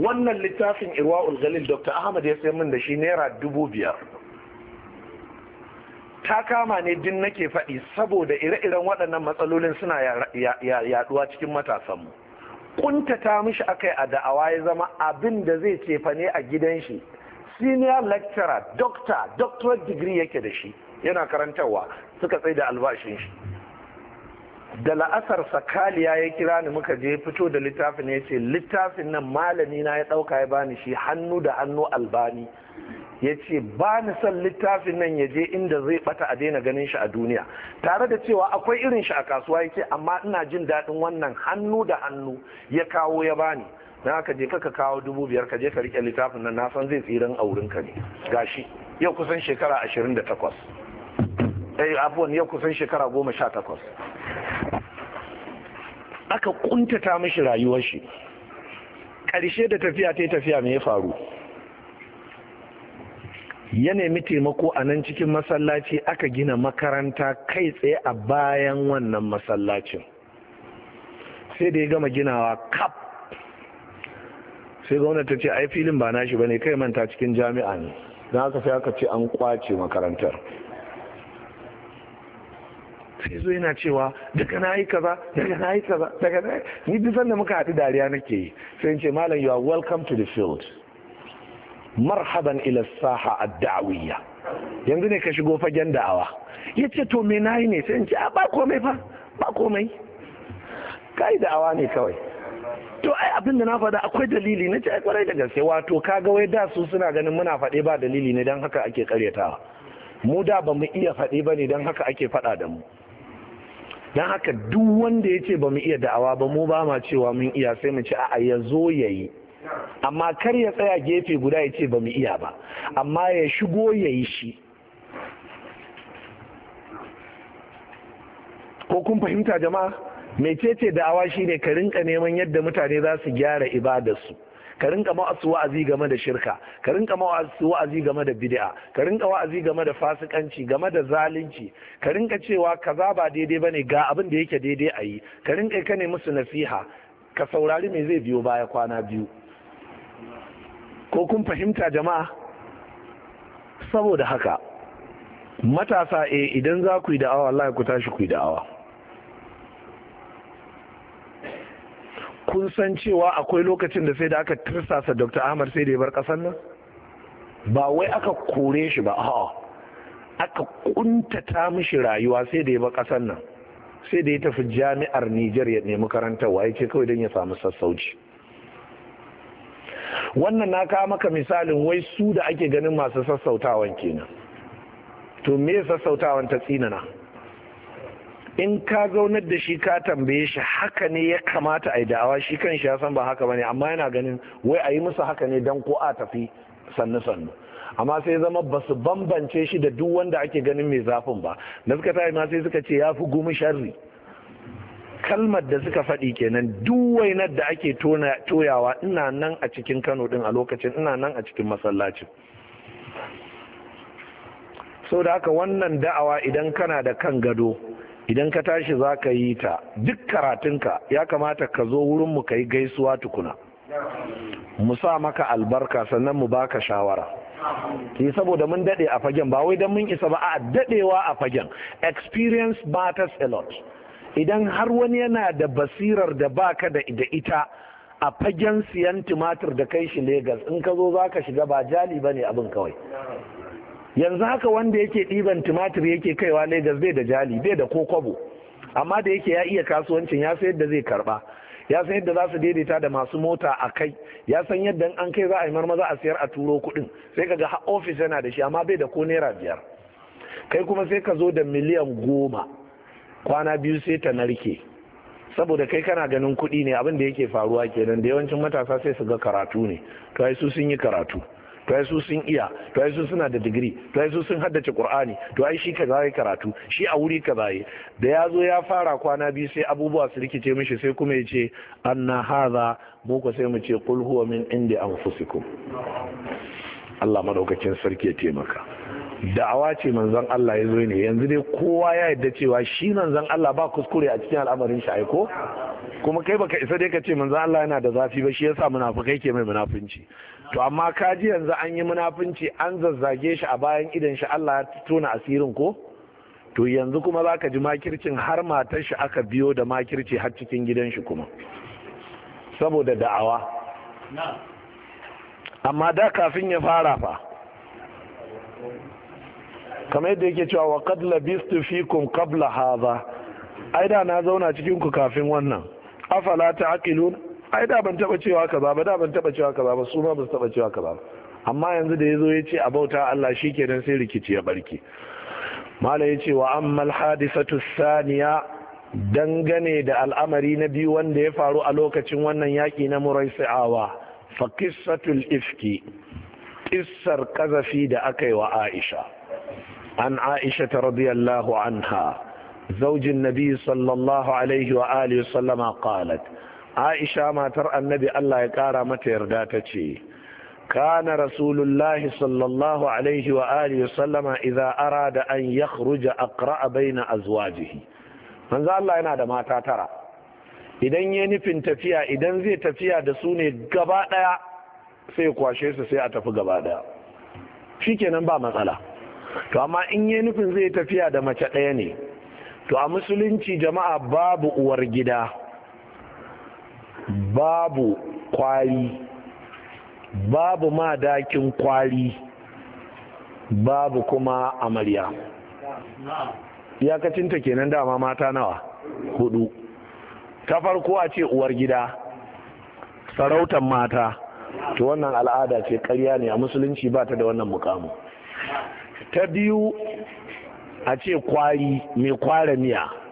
A: wannan littafin irwa galil dr ahmad ya tsayar mu da shi naira dubu biyar ta kama ne din nake faɗi saboda ire-iren waɗannan matsalolin suna yaɗuwa cikin matasanmu kuntata mishi akai a da'awa ya zama abin da zai cefane ne a gidan shi senior lecturer doctor doctorate degree yake da shi yana karantarwa suka tsaye da albashin shi da la'asar sakaliya ya kira ni muka je fito da littafin ya ce littafin nan malami na ya ɗauka ya bani shi hannu da hannu albani ya ce ba ni son littafin nan ya je inda zai bata a daina ganin shi a duniya tare da cewa akwai irin shi a kasuwa ya ce, amma ina jin daɗin wannan hannu da hannu ya kawo ya bani na ka je kaka kawo dubu biyar ka je ka rike littafin nan na san zai tsirin a wurin ka ne gashi yau kusan shekara ashirin da takwas Eh, abuwan ya kusan shekara goma sha takwas aka kuntata mashi rayuwar shi ƙarshe da tafiya ta yi tafiya mai ya faru ya nemi taimako a nan cikin masallaci aka gina makaranta kai tsaye a bayan wannan masallacin sai da ya gama ginawa kap sai gwamnati ta ce ai filin ba nashi ba ne, kai manta cikin jami'a ne don haka sai aka ce an kwace makarantar sai zo yana cewa daga na yi kaza daga na yi kaza daga na ni duk sanda muka haɗu dariya nake yi sai in ce malam you are welcome to the field marhaban ila saha ad yanzu ne ka shigo fagen da'awa yace to me nayi ne sai in ce a ah, ba komai fa ba komai kai da'awa ne kawai to ai abin da na faɗa akwai dalili na ce ai kwarai da gaske wato kaga wai da su suna ganin muna faɗe ba dalili ne don haka ake karyatawa mu da ba mu iya faɗe ba ne don haka ake faɗa da mu don haka duk wanda ya ce ba mu iya da'awa ba mu ba ma cewa mun iya sai mu ce a'a ya zo ya yi amma kar ya tsaya gefe guda ya ce ba mu iya ba amma ya shigo ya yi shi ko kun fahimta jama'a mecece da'awa shine ka rinka neman yadda mutane za su gyara ibadarsu ka rinka ma'asu wa'azi game da shirka ka rinka ma'asu wa'azi game da bid'a ka rinka wa'azi game da fasikanci game da zalunci ka rinka cewa kaza ba daidai bane ga abin da yake daidai a yi ka rinka ka ne musu nasiha ka saurari me zai biyo baya kwana biyu ko kun fahimta jama'a saboda haka matasa eh idan za ku yi da'awa wallahi ku tashi ku yi da'awa kun san cewa akwai lokacin da sai da aka tirsasa dr ahmad sai da ya bar kasan nan ba wai aka kore shi ba a aka kuntata mishi rayuwa sai da ya bar kasar nan sai da ya tafi jami'ar niger ya nemi karantarwa ya ce kawai don ya samu sassauci wannan na kawo maka misalin wai su da ake ganin masu sassautawan kenan to me sassautawan ta tsinana in ka zaunar da shi ka tambaye shi haka ne ya kamata a yi da'awa shi kan shi ya san ba haka bane amma yana ganin wai a yi musu haka ne dan ko a tafi sannu sannu amma sai zama ba su bambance shi da duk wanda ake ganin mai zafin ba da suka tayi ma sai suka ce ya fi gumi sharri kalmar da suka faɗi kenan duk wainar da ake toyawa ina nan a cikin kano din a lokacin ina nan a cikin masallacin sau da haka wannan da'awa idan kana da kan gado idan ka tashi za ka yi ta duk karatunka ya kamata ka zo wurinmu ka yi gaisuwa tukuna mu sa maka albarka sannan mu baka shawara ke eh, saboda mun dade a fagen ba wai don mun isa ba a dadewa a fagen experience matters a lot idan har wani yana da basirar da baka da ita a fagen siyan tumatir da kai shi Legas in ka zo zaka shiga ba jali ba ne abin kawai yanzu haka wanda yake ɗiban tumatir yake kaiwa Legas bai da jali bai da kokobo amma da yake ya iya kasuwancin ya san yadda zai karba ya san yadda za su daidaita da masu mota a kai ya san yadda an kai za a yi marmaza a sayar a turo kuɗin sai ka ga ofis yana da shi amma bai da ko naira biyar kai kuma sai ka zo da miliyan goma kwana biyu sai ta narke saboda kai kana ganin kuɗi ne abin da yake faruwa kenan da yawancin matasa sai su ga karatu ne to ai su sun yi karatu to ai su sun iya to ai su suna da digiri to ai su sun haddace qur'ani to ai shi kaza ya karatu shi a wuri kaza zaye da ya zo ya fara kwana biyu sai abubuwa su rikice mishi sai kuma ya ce anna hadha mu ko sai mu ce qul huwa min indi anfusikum Allah madaukakin sarki ya taimaka da'awa ce manzon Allah ya zo ne yanzu dai kowa ya yarda cewa shi manzon Allah ba kuskure a cikin al'amarin shi ko kuma kai baka isa dai ka ce manzon Allah yana da zafi ba shi yasa munafikai ke mai munafunci to amma kaji yanzu an yi munafunci an zazzage shi a bayan idan shi Allah ya tona asirin ko to yanzu kuma za ka ji makircin har matar shi aka biyo da makirci har cikin gidan shi kuma saboda da'awa amma da kafin ya fara fa kamar yadda yake cewa wa qad labistu fikum qabla hadha ai na zauna cikin ku kafin wannan afala ta'qilun ai da ban taba cewa kaza ba da ban taba cewa kaza ba su ma ba su taba cewa kaza ba amma yanzu da yazo yace a bauta Allah shikenan sai rikici ya barke mala yace wa ammal hadisatu saniya dangane da al'amari na biyu wanda ya faru a lokacin wannan yaki na muraisi'awa fa qissatul ifki qissar kazafi da aka yi wa Aisha an Aisha radiyallahu anha zaujin nabi sallallahu alaihi wa alihi sallama qalat aisha matar annabi allah ya kara mata yarda ta ce kana rasulullahi sallallahu alaihi wa alihi wa sallama idza arada an yakhruja aqra baina azwajihi manzo allah yana da mata tara idan ya nufin tafiya idan zai tafiya da su ne gaba daya sai kwashe su sai a tafi gaba daya shikenan ba matsala to amma in ya nufin zai tafiya da mace ɗaya ne to a musulunci jama'a babu uwar gida babu kwari babu ma dakin kwari babu kuma amarya iyakacinta kenan dama mata nawa hudu ta farko a ce uwar gida sarautar mata to wannan al'ada ce karya ne a musulunci ba ta da wannan mukamu ta biyu a ce kwari mai kwara miya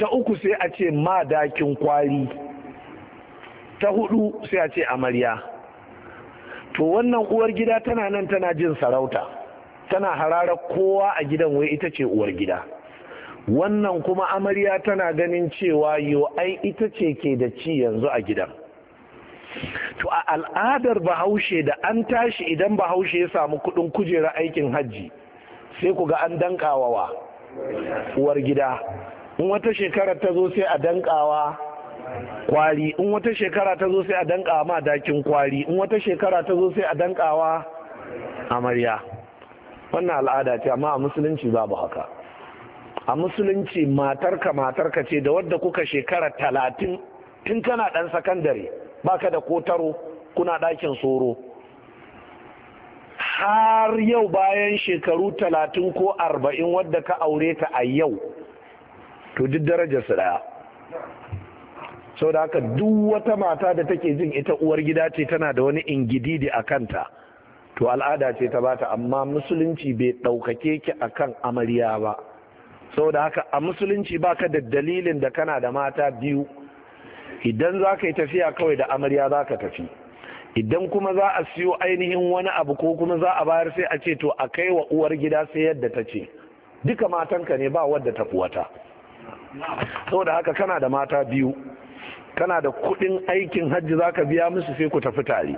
A: ta uku sai a ce madakin kwari ta hudu sai a ce amarya to wannan uwar gida tana nan tana jin sarauta tana harara kowa a gidan wai ita ce uwar gida wannan kuma amarya tana ganin cewa yo ai ita ce ke da ci yanzu a gidan to a al'adar bahaushe da an tashi idan bahaushe ya samu kudin kujera aikin hajji sai ku ga an dankawawa uwar gida in wata shekara ta zo sai a dankawa kwari in wata shekara ta zo sai a dankawa ma dakin kwari in wata shekara ta zo sai a dankawa amarya wannan al'ada ce amma a musulunci babu haka a musulunci matarka matarka ce da wadda kuka shekara talatin tun kana dan sakandare baka da kotaro kuna dakin tsoro har yau bayan shekaru talatin ko arba'in wadda ka aure ta a yau to duk darajar su daya sau da haka duk wata mata da take jin ita uwar gida ce tana da wani ingididi a kanta to al'ada ce ta bata amma musulunci bai ɗaukake ki akan amarya ba Sau da haka a musulunci baka da dalilin da kana da mata biyu idan za ka yi tafiya kawai da amarya za ka tafi idan kuma za a siyo ainihin wani abu ko kuma za a bayar sai a ce to a kai wa uwar gida sai yadda ta ce duka matanka ne ba wadda ta wata saboda haka kana da mata biyu kana da kudin aikin hajji za ka biya musu sai ku tafi tare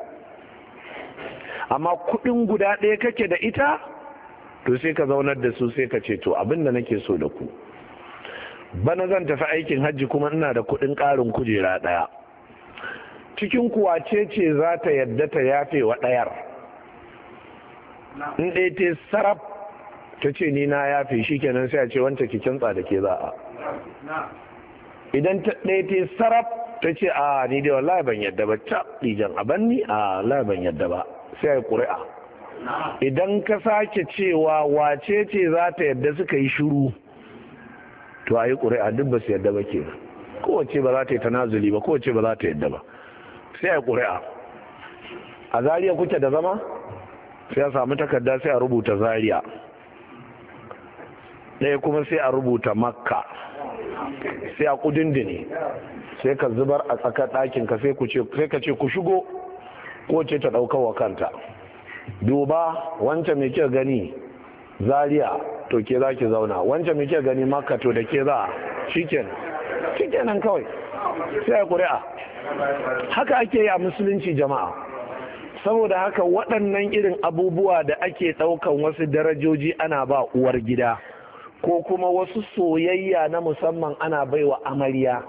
A: amma kudin guda ɗaya kake da ita to sai ka zaunar da su sai ka ce to abin da nake so da ku bana zan tafi aikin hajji kuma ina da kudin ƙarin kujera ɗaya cikin kuwa ce ce za ta yadda ta yafe wa ɗayar in ɗaya ta sarraf ta ce ni na yafe shi kenan sai a ce wancan ki kintsa da ke za'a idan ta ɗaya ta sarraf ta ce a ni dai wallahi ban yadda ba ta ɗijan a ni a wallahi ban yadda ba sai a yi ƙuri'a idan ka sake cewa wace ce za ta yadda suka yi shiru to a yi ƙuri'a duk ba su yadda ba ke kowace ba za ta yi tanazuli ba kowace ba za ta yadda ba sai a yi ƙuri'a a zariya kuke da zama sai a samu takarda sai a rubuta zariya ɗaya kuma sai a rubuta makka sai a kudindini sai ka zubar a tsakar ɗakin ka sai ka ce ku shigo ko ce ta ɗaukar wa kanta duba wancan mai kyau gani zaria to ke za ki zauna wancan mai kyau gani maka to da ke za shiken nan kawai sai a kuri'a. haka ake yi a musulunci jama'a saboda haka waɗannan irin abubuwa da ake ɗaukan wasu darajoji ana ba uwar gida ko kuma wasu soyayya na musamman ana baiwa amarya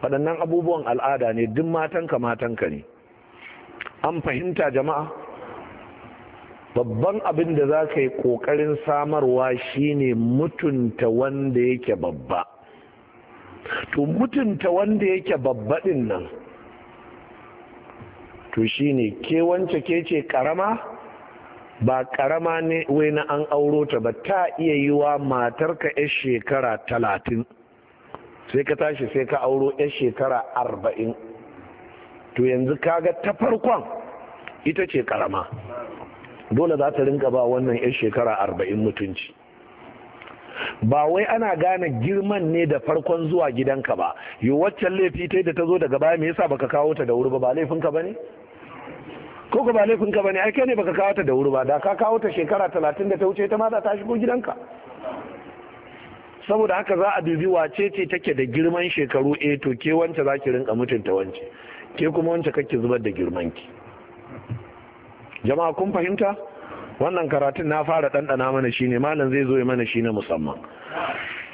A: waɗannan abubuwan al'ada ne duk matanka matanka ne an fahimta jama'a babban abin da za ka yi ƙoƙarin samarwa shine mutunta wanda yake babba to mutunta wanda yake babba ɗin nan to shine ke wance ke ce ƙarama ba karama ne wai na an auro ta ba ta iya yi wa matarka 'yar shekara talatin sai ka tashi sai ka auro 'yar shekara arba'in to yanzu kaga ta farkon ita ce karama dole za ta rinka ba wannan 'yar shekara arba'in mutunci ba wai ana gane girman ne da farkon zuwa gidanka ba yi waccan laifi ta da ta zo daga baya me yasa baka kawo ta da wuri ba ba laifinka ba ne ko ba laifin ka bane ai kai ne baka kawo ta da wuri ba da ka kawo ta shekara talatin da ta wuce ta ma za ta shigo gidanka saboda haka za a dubi wace ce take da girman shekaru eh to ke wance za ki rinka mutunta wance ke kuma wance kake zubar da girman ki jama'a kun fahimta wannan karatun na fara dandana mana shine, malam zai zo ya mana shi musamman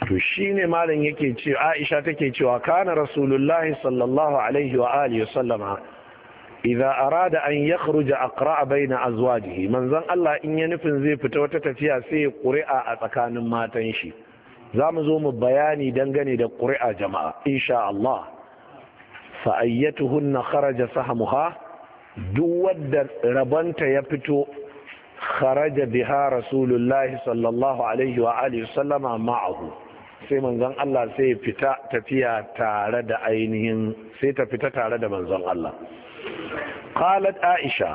A: to shine malam yake ce aisha take cewa kana rasulullahi sallallahu alaihi wa alihi wa sallama idza arada an yakhruja aqra'a baina azwajihi manzon Allah in ya nufin zai fita wata tafiya sai ya ƙuri'a a tsakanin matan shi za mu zo mu bayani dangane da ƙuri'a jama'a insha Allah fa'ayyatuhunna kharaja sahmuha duk wadda rabonta ya fito kharaja biha rasulullahi sallallahu alaihi wa alihi sallama sai manzon Allah sai fita tafiya tare da ainihin sai ta fita tare da manzon Allah qalat aisha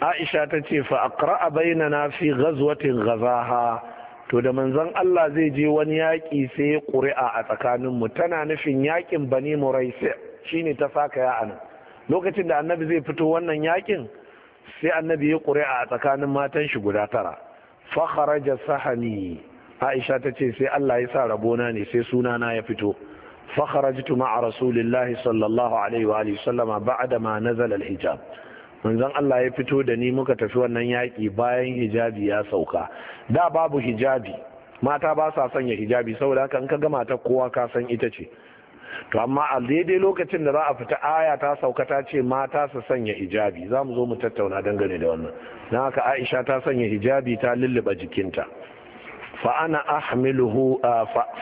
A: aisha ta ce fa aqra'a bainana fi ghazwatin to da manzon Allah zai je wani yaƙi sai ya ƙuri'a a tsakanin mu tana nufin yaƙin bani muraisi shine ta saka ya anan lokacin da annabi zai fito wannan yaƙin sai annabi ya ƙuri'a a tsakanin matan shi guda tara fa kharaja sahani aisha ta ce sai Allah ya sa rabona ne sai sunana ya fito فخرجت ma'a رسول sallallahu alaihi wa عليه واله وسلم بعد ما نزل hijab manzon Allah ya fito da ni muka tafi wannan yaki bayan hijabi ya sauka da babu hijabi mata ba sa sanya hijabi saboda haka in ka gama mata kowa ka san ita ce to amma a daidai lokacin da za a fita aya ta sauka ta ce mata su sanya hijabi za mu zo mu tattauna dangane da wannan na haka aisha ta sanya hijabi ta lulluɓa jikinta ana ahmiluhu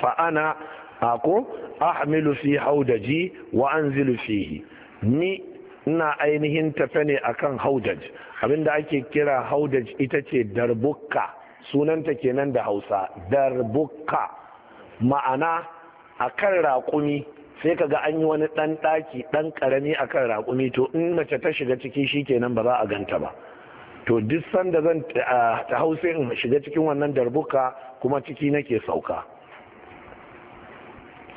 A: fa'ana ko ahmilu fi haudaji wa anzilu fihi ni ina ainihin tafe ne a akan haudaj abinda ake kira haudaj ita ce Darbuka, sunanta kenan da hausa darbukka ma'ana a kan raƙumi sai kaga an yi wani ɗan ɗaki ɗan ƙarami a kan raƙumi to in mace ta shiga ciki shi kenan ba za a ganta ba to duk sanda zan eh, ta hausa in shiga cikin wannan darbuka kuma ciki nake sauka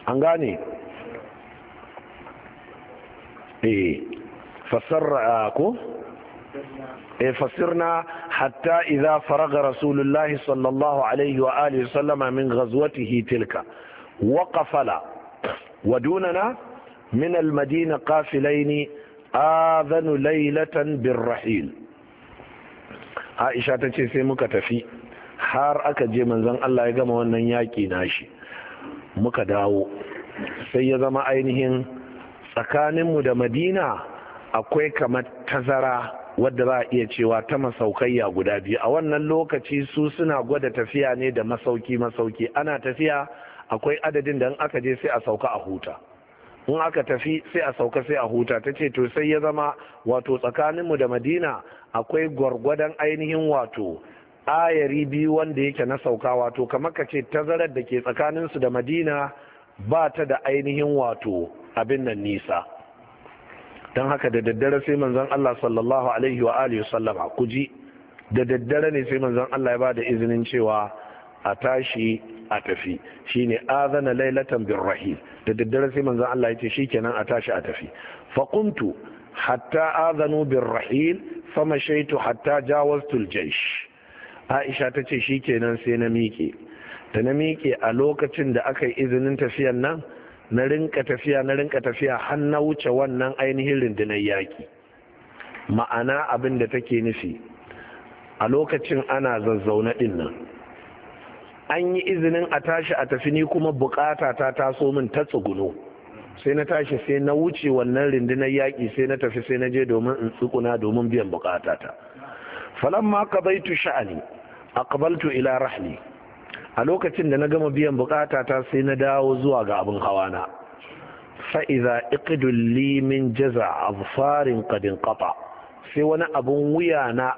A: an gane e eh, fasirna ah, eh, hatta iza faraga rasulullahi sallallahu alaihi wa alihi sallama min gazuwatihi tilka wa kafala wa dunana min almadina kafilaini azanu lailatan birrahil aisha ta ce sai muka tafi har aka je manzan allah ya gama wannan yaƙi na shi muka dawo sai ya zama ainihin tsakaninmu da madina akwai kamar tazara wadda za a iya cewa ta masaukayya guda biyu a wannan lokaci su suna gwada tafiya ne da masauki masauki ana tafiya akwai adadin da in aka je sai a sauka a huta in aka tafi sai a sauka sai a huta ta ce to sai ya zama wato tsakaninmu da madina akwai gwargwadon ainihin wato ayari biyu wanda yake na sauka wato kamar ka ce tazarar da ke tsakaninsu da madina ba ta da ainihin wato abin nan nisa don haka da daddare sai manzon Allah sallallahu alaihi wa alihi sallama ku ji da daddare ne sai manzon Allah ya ba da izinin cewa a tashi a tafi shine azana lailatan birrahil da daddare sai manzon Allah ya ce shikenan a tashi a tafi Faƙuntu hatta azanu birrahil famashaitu hatta jawaztu aljaysh aisha ta ce shi kenan sai na miƙe da na miƙe a lokacin da aka yi izinin tafiyan nan na rinka tafiya na rinka tafiya har na wuce wannan ainihin rundunar yaƙi ma'ana abin da take nufi a lokacin ana zazzauna ɗin nan an yi izinin a tashi a tafi ni kuma bukata ta taso min ta tsuguno sai na tashi sai na wuce wannan rundunar yaƙi sai na tafi sai na je domin in tsukuna domin biyan bukatata falamma ka baitu sha'ani aqbaltu ila rahli a lokacin da na gama biyan bukata ta sai na dawo zuwa ga abin hawa na fa'iza iqdu li min jaza azfarin qad inqata sai wani abun wuya na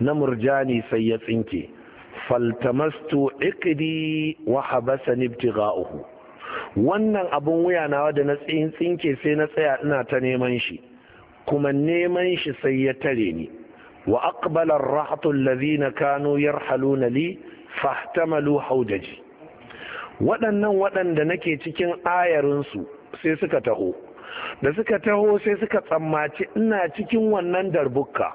A: na murjani sai ya tsinke faltamastu iqdi wa habasani ibtigha'uhu wannan abun wuya na da na tsinke sai na tsaya ina ta neman shi kuma neman shi sai ya tare ni wa aqbala ar na alladhina kanu yarhaluna fahtamalu haujaji waɗannan waɗanda nake cikin ayarinsu sai suka taho da suka taho sai suka tsammaci ina cikin wannan darbuka,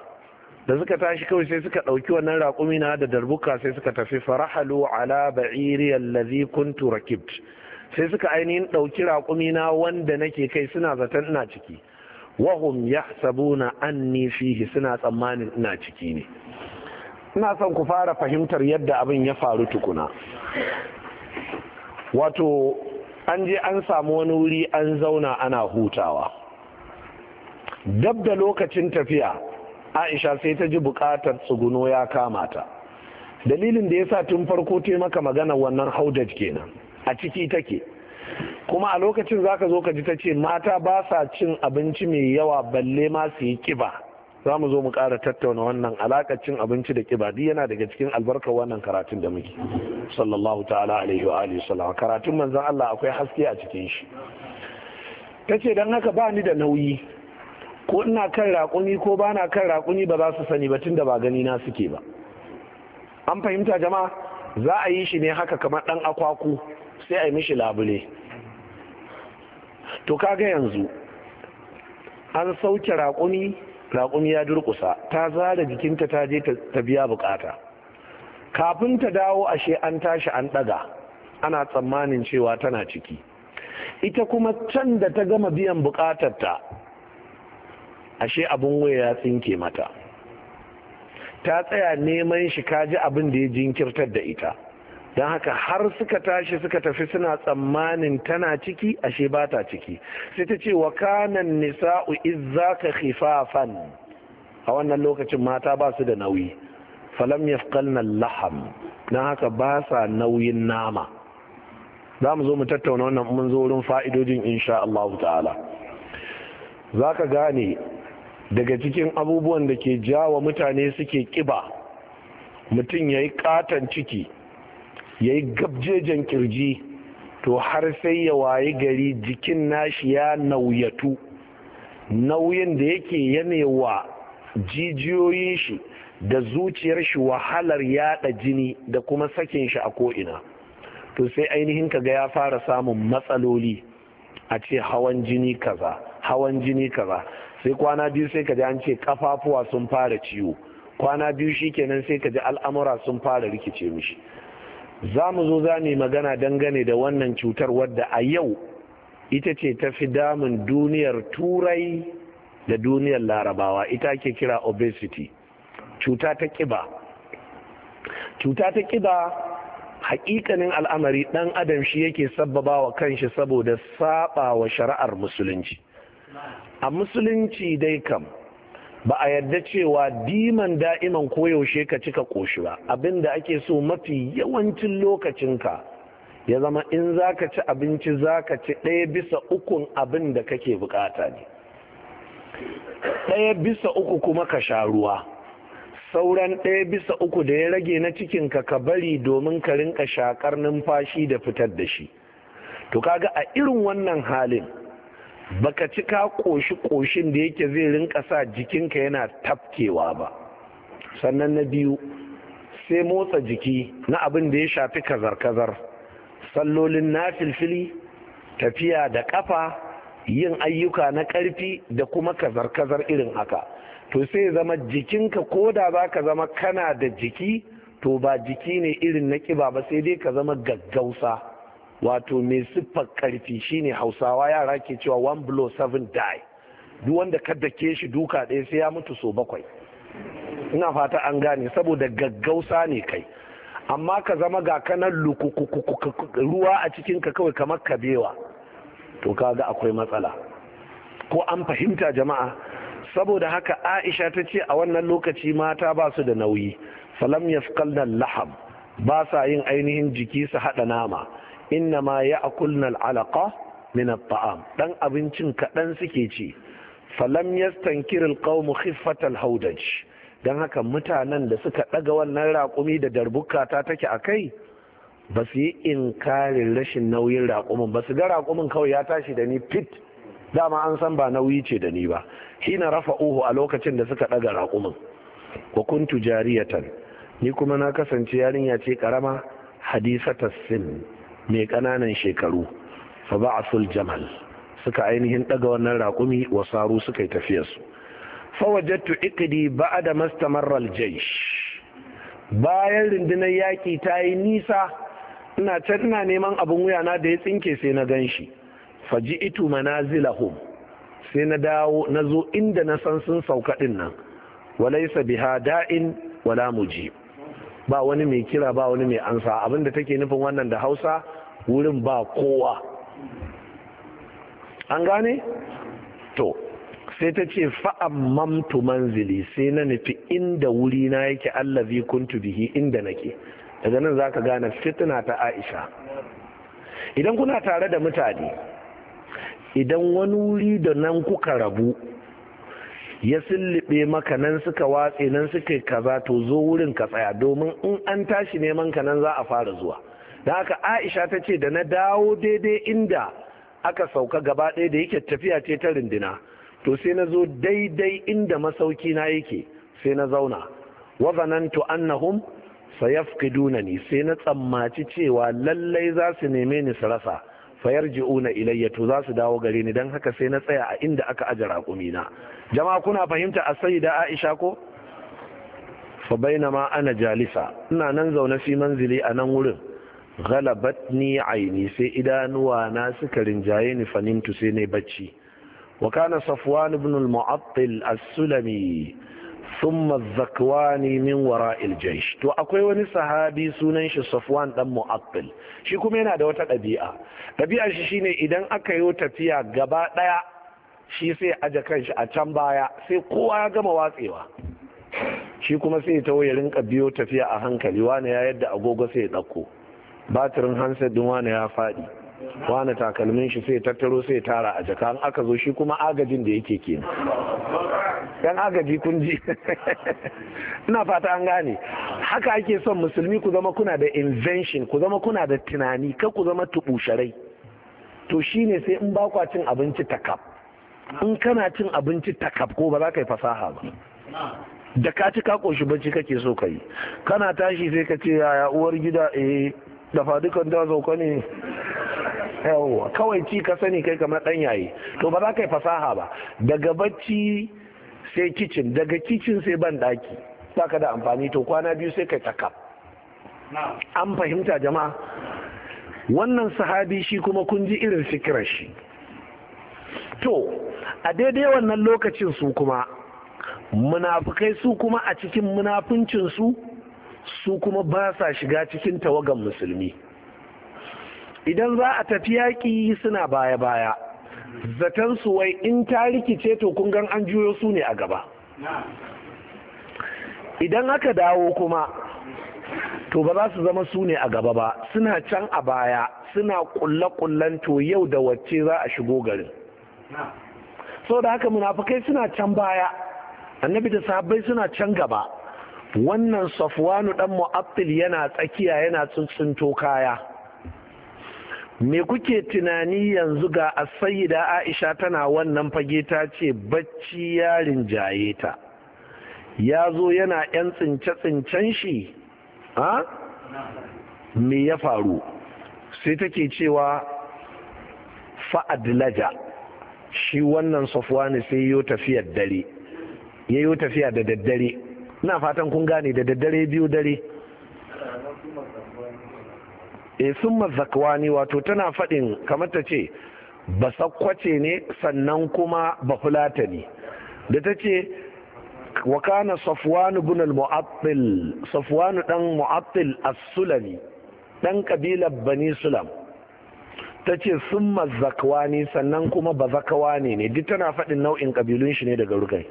A: da suka tashi kawai sai suka ɗauki wannan raƙumi na da darbuka sai suka tafi farahalu ala ba'iri allazi kuntu rakibt sai suka ainihin ɗauki raƙumi na wanda nake kai suna zaton ina ciki wahum sabuna, anni fihi suna tsammanin ina ciki ne ina son ku fara fahimtar yadda abin ya faru tukuna wato an je an samu wani wuri an zauna ana hutawa dab da lokacin tafiya aisha sai ta ji bukatar tsuguno ya kama ta dalilin da ya sa tun farko ta maka magana wannan haudaj kenan a ciki take kuma a lokacin zaka zo ka ji ta ce mata ba sa cin abinci mai yawa balle ma su yi kiba za mu zo mu ƙara tattauna wannan alakacin cin abinci da kiba duk yana daga cikin albarkar wannan karatun da muke sallallahu ta'ala alaihi wa alihi sallam karatun manzon Allah akwai haske a cikin shi tace dan haka ba ni da nauyi ko ina kan raƙuni ko ba na kan raƙuni ba za su sani ba tunda ba gani na suke ba an fahimta jama'a za a yi shi ne haka kamar dan akwaku sai a yi mishi labule to kaga yanzu an sauke raƙumi raƙumi ya durƙusa ta zara jikinta ta je ta biya bukata kafin ta dawo ashe an tashi an ɗaga ana tsammanin cewa tana ciki ita kuma can da ta gama biyan bukatarta ashe abin waya ya tsinke mata ta tsaya neman shi kaji abin da ya jinkirtar da ita don haka har suka tashi suka tafi suna tsammanin tana ciki ashe ba ta ciki sai ta ce wa kanan nisa'u ka khifafan a wannan lokacin mata ba su da nauyi falam yafqalna laham don haka ba sa nauyin nama za mu zo mu tattauna wannan mun zo wurin fa'idojin insha Allah ta'ala za ka gane daga cikin abubuwan da ke jawa mutane suke ƙiba mutum ya yi katon ciki ya yi gabjejen kirji to har sai ya wayi gari jikin nashi ya nauyatu nauyin da yake yanewa jijiyoyin shi da zuciyar shi wahalar yada jini da kuma sakin shi a ko'ina to sai ainihin kaga ya fara samun matsaloli a ce hawan jini kaza hawan jini kaza sai kwana biyu sai kaji an ce kafafuwa sun fara ciwo kwana biyu shi shikenan sai kaji al'amura sun fara rikice mishi za mu zo za mu magana dangane da wannan cutar wadda a yau ita ce ta fi damun duniyar turai da duniyar larabawa ita ke kira obesity cuta ta kiba cuta ta kiba hakikanin al'amari dan adam shi yake sabbaba wa shi saboda saba wa shari'ar musulunci a musulunci dai kam ba a yarda cewa diman da'iman koyaushe ka cika koshi ba abin da ake so mafi yawancin lokacinka ya zama in za ka ci abinci za ka ci ɗaya bisa ukun abin da kake bukata ne ɗaya bisa uku kuma ka sha ruwa sauran ɗaya bisa uku da ya rage na cikinka ka bari domin ka rinka shakar numfashi da fitar da shi to kaga a irin wannan halin baka ci ka koshi koshin da yake zai rinka sa jikinka yana tafkewa ba sannan na biyu sai motsa jiki na abin da ya shafi kazar-kazar sallolin na filfili tafiya da kafa yin ayyuka na ƙarfi da kuma kazar-kazar irin haka to sai zama jikinka ko da za ka zama kana da jiki to ba jiki ne irin na ƙiba ba sai dai ka zama gaggausa wato mai siffar karfi shine hausawa yara ke cewa one blow seven die duk wanda ka dake shi duka ɗaya sai ya mutu so bakwai ina fata an gane saboda gaggausa ne kai amma ka zama ga kanan ruwa a cikin ka kawai kamar kabewa to kaga akwai matsala ko an fahimta jama'a saboda haka aisha ta ce a wannan lokaci mata ba su da nauyi falam kallon laham ba sa yin ainihin jiki su haɗa nama inna ma ya akulna al'alaka min ta'am dan abincin kaɗan suke ci falam yastankir alqawmu khiffat alhawdaj dan haka mutanen da suka ɗaga wannan raƙumi da darbuka ta take akai ba su yi inkarin rashin nauyin raƙumin ba su ga raƙumin kawai ya tashi da ni fit dama an san ba nauyi ce da ni ba hina rafa uhu a lokacin da suka ɗaga raƙumin wa kuntu jariyatan ni kuma na kasance yarinya ce karama hadisata sin mai ƙananan shekaru fa ba'athul jamal suka ainihin daga wannan raƙumi wa saru suka yi tafiyarsu fa wajadtu ba a da al jaish bayan rundunar yaƙi ta yi nisa ina can ina neman abin wuyana da ya tsinke sai na gan shi faji itu manazilahum sai na dawo na zo inda na san sun sauka ɗin nan walaisa biha da'in wala muji ba wani mai kira ba wani mai ansa abinda take nufin wannan da hausa wurin ba kowa an gane to sai ta ce fa'an mamtu manzili sai na nufi inda wuri na yake allazi kuntu bihi inda nake daga nan za ka gane fitna ta Aisha idan kuna tare da mutane idan wani wuri da nan kuka rabu ya sillibe maka nan suka watse nan suka kaza to zo wurin ka tsaya domin in an tashi neman ka nan za a fara zuwa da haka aisha ta ce da na dawo daidai inda aka sauka gaba ɗaya da yake tafiya ce ta rindina to sai na zo daidai inda masauki na yake sai na zauna wa zanantu annahum ni sai na tsammaci cewa lallai za su neme ni su rasa fayarji'una ilayya to za su dawo gare ni don haka sai na tsaya a inda aka aje raƙumi na jama'a kuna fahimta a da Aisha ko fa ma ana jalisa ina nan zaune fi manzili a nan wurin ghalabatni aini sai idanuwa na suka rinjaye ni fanintu sai ne bacci wa kana safwan ibn al-mu'attil as-sulami min wara jaysh to akwai wani sahabi sunan shi safwan dan mu'attil shi kuma yana da wata ɗabi'a Ɗabi'a shi ne idan aka yi tafiya gaba ɗaya shi sai aje kanshi a can baya sai kowa ya gama watsewa shi kuma sai ta ya rinka biyo tafiya a hankali wani ya yadda agogo sai ya ɗauko batirin hanset din wani ya faɗi wani takalmin shi sai tattaro sai tara a jaka aka zo shi kuma agajin da yake ke yan agaji kun ji ina fata an gane haka ake son musulmi ku zama kuna da invention ku zama kuna da tunani ka ku zama tubusharai to shine sai in ba kwa cin abinci takab in kana cin abinci takab ko ba za ka yi fasaha ba da ka ci ka koshi bacci kake so ka yi kana tashi sai ka ce yaya uwar gida eh dafa dukan da zauka ne yawwa kawai ci ka sani kai kamar dan yayi to ba za ka yi fasaha ba daga bacci sai kicin daga kicin sai ban daki ba ka da amfani to kwana biyu sai kai tsaka an fahimta jama'a wannan sahabi shi kuma kun ji irin fikirar shi to a daidai wannan lokacin su kuma munafukai su kuma a cikin munafuncinsu su kuma ba sa shiga cikin tawagan musulmi idan za a tafi yaƙi suna baya-baya zaton su wai in ta rikice to kun gan an juyo su ne a gaba idan aka dawo kuma to ba za su zama su ne a gaba ba suna can a baya suna kulle-kullen to yau da wacce za a shigo garin sau da haka munafukai suna can baya annabi da sahabbai suna can gaba wannan safwanu dan mu'abtil yana tsakiya yana tsuntsunto kaya me kuke tunani yanzu ga asayida aisha tana wannan fage ta ce bacci ya rinjaye ta ya zo yana yan tsince-tsincen shi ha me ya faru sai take cewa fa'adlaja shi wannan safwanu sai yo tafiyar yayo tafiya da daddare ina fatan kun gane da daddare biyu dare e summa ne wato tana faɗin kamar ta ce ba sakwace ne sannan kuma ba hulata ne da ta ce wa kana safwanu bin al-mu'attil safwanu dan mu'attil as-sulami dan kabilar bani sulam ta ce summa zakwani sannan kuma ba zakawa ne duk tana faɗin nau'in kabilun shi ne daga rukai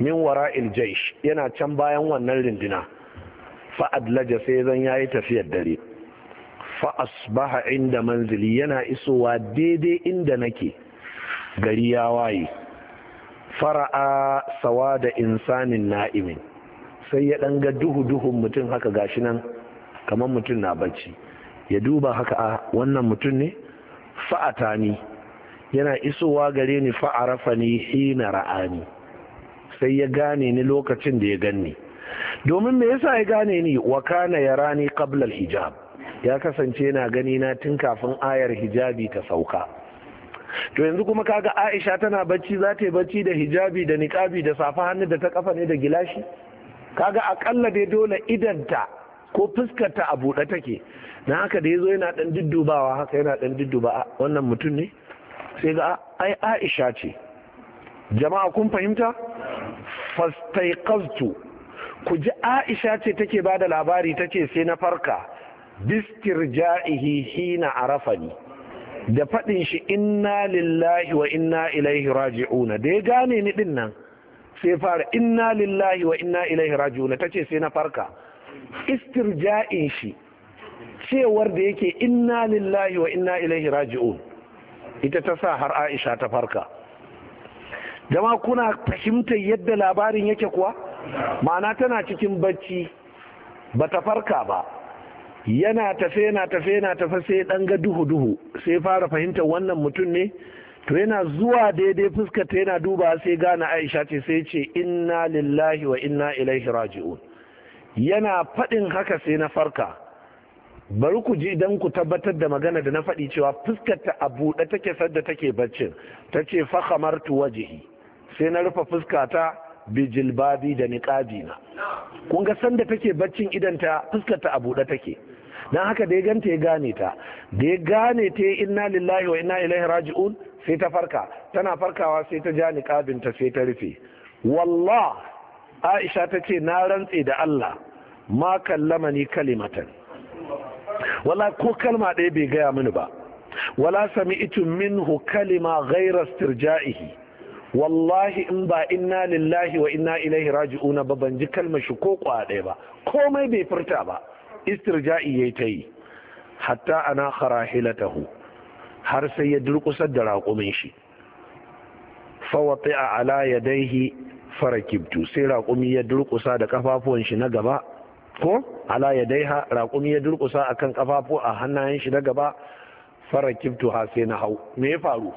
A: min wara'il jaish yana can bayan wannan rindina Fa'ad sai zan yayi tafiyar dare fa asbaha inda manzili yana isowa daidai inda nake gari ya waye fara'a sawa da insanin na'imin sai ya ɗan ga duhu-duhun mutum haka gashi nan kamar mutum na bacci ya duba haka a ah, wannan mutum ne fa'ata ni yana isowa gare ni fa'arafa ni hina ra'ani sai ya gane ni lokacin da ya ganni domin me yasa ya gane ni wa kana yarani qabla hijab ya kasance yana gani na tun kafin ayar hijabi ta sauka to yanzu kuma kaga Aisha tana bacci za ta yi bacci da hijabi da niqabi da safa hannu da ta kafa ne da gilashi kaga akalla dai dole ta ko fuskarta a buɗe take na haka da yazo yana ɗan diddubawa, haka yana ɗan dudduba wannan mutum ne sai ga ai aisha ce jama'a kun fahimta fastaiqaztu ku ji Aisha ce take bada labari take sai na farka bistirja'ihi hina arafani da faɗin shi inna lillahi wa inna ilaihi raji'una da ya gane ni din nan sai fara inna lillahi wa inna ilaihi raji'una tace sai na farka istirja'in shi cewar da yake inna lillahi wa inna ilaihi raji'un ita ta sa har Aisha ta farka jama kuna fahimtar yadda labarin yake kuwa ma'ana tana cikin bacci ba ta farka ba yana tafe yana tafe yana tafe sai dan ga duhu duhu sai fara fahimtar wannan mutum ne to yana zuwa daidai fuskata yana duba sai gane aisha ce sai ce inna lillahi wa inna ilaihi raji'un yana faɗin haka sai na farka bari ku ji idan ku tabbatar da magana da na faɗi cewa fuskar ta a buɗe take sadda take baccin ta ce tu wajihi sai na rufe fuskata bijilbabi da niƙabi na kun ga sanda take baccin idanta fuskarta a buɗe take dan haka da ya ganta ya gane ta da ya gane ta inna lillahi wa inna ilaihi raji'un sai ta farka tana farkawa sai ta ja niƙabinta sai ta rufe wallah aisha ta ce na rantse da Allah ma kallama ni kalimatan wala ko kalma ɗaya bai gaya mini ba wala sami itu minhu kalima ghaira istirja'ihi wallahi in ba inna lillahi wa inna ilaihi raji'una ba ban ji kalmar shi ko kwa ɗaya ba komai bai furta ba istirja'i yayi ta yi hatta ana kharahilatahu har sai ya durkusar da raƙumin shi Fa wati'a ala yadayhi farakibtu sai raƙumi ya durkusa da kafafuwan shi na gaba ko ala yadayha raƙumi ya durkusa akan kafafu a hannayen shi na gaba farakibtu ha sai na hau me ya faru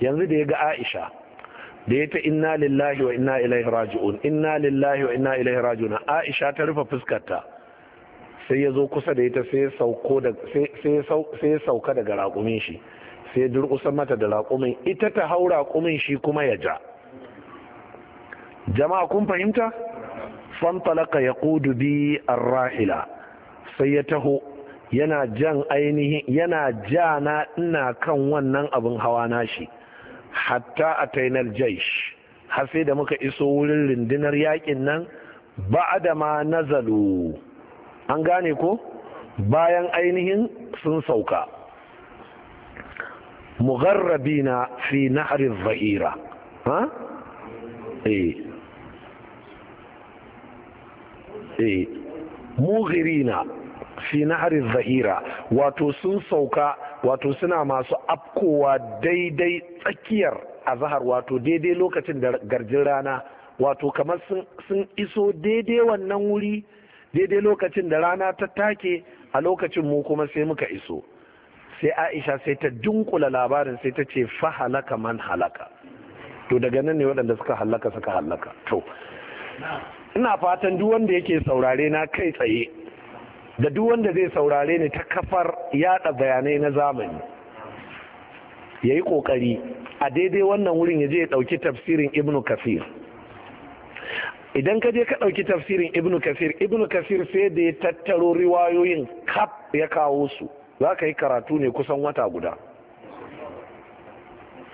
A: yanzu da ya ga Aisha da ya ta inna lillahi wa inna ilaihi raji'un inna lillahi wa inna ilaihi raji'un aisha ta rufe fuskarta sai ya zo kusa da ita sai ya sauka daga raƙumin shi sai ya durƙusa mata da raƙumin ita ta hau raƙumin shi kuma ya ja jama'a kun fahimta fantalaka ya kudu bi ar-rahila sai ya taho yana jan ainihin yana ja na ina kan wannan abin hawa na shi hatta a tainar jaish har sai da muka iso wurin rundunar yakin nan ba da ma nazalu an gane ko bayan ainihin sun sauka na fi harin zahira ha e e mughirina fi nahri zahira wato sun sauka wato suna masu afkowa daidai tsakiyar a zahar wato daidai lokacin da garjin rana wato kamar sun iso daidai wannan wuri daidai lokacin da rana ta take a lokacin mu kuma sai muka iso sai aisha sai ta dunkula labarin sai ta ce fa halaka man halaka to daga nan ne waɗanda suka halaka suka halaka to ina fatan duk wanda yake saurare na kai tsaye da duk wanda zai saurare ni ta kafar yada bayanai na zamani ya yi kokari a daidai wannan wurin ya je ya dauki tafsirin ibnu kasir idan ka je ka dauki tafsirin ibnu kasir ibnu kasir sai da ya tattaro riwayoyin kaf ya kawo su za ka yi karatu ne kusan wata guda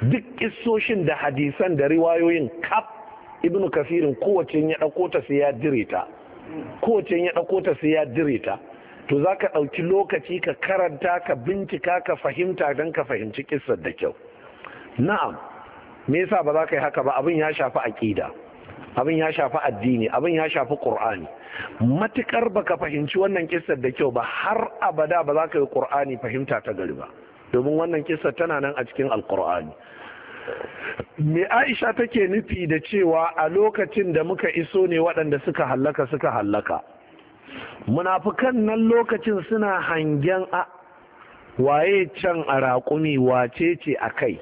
A: duk isoshin da hadisan da riwayoyin kaf ibnu kasirin kowace ya dauko ta sai ya direta kowace ya ɗauko ta sai ya dire to za ka ɗauki lokaci ka karanta ka bincika ka fahimta don ka fahimci kissar da kyau na'am me yasa ba za ka yi haka ba abin ya shafi aƙida abin ya shafi addini abin ya shafi ƙur'ani matukar ba ka fahimci wannan kissar da kyau ba har abada ba za ka yi ƙur'ani fahimta ta gari ba domin wannan kisar tana nan a cikin alƙur'ani me aisha take nufi da cewa a lokacin da muka iso ne waɗanda suka hallaka suka hallaka munafukan nan lokacin suna hangen a waye can a raƙumi wace ce a kai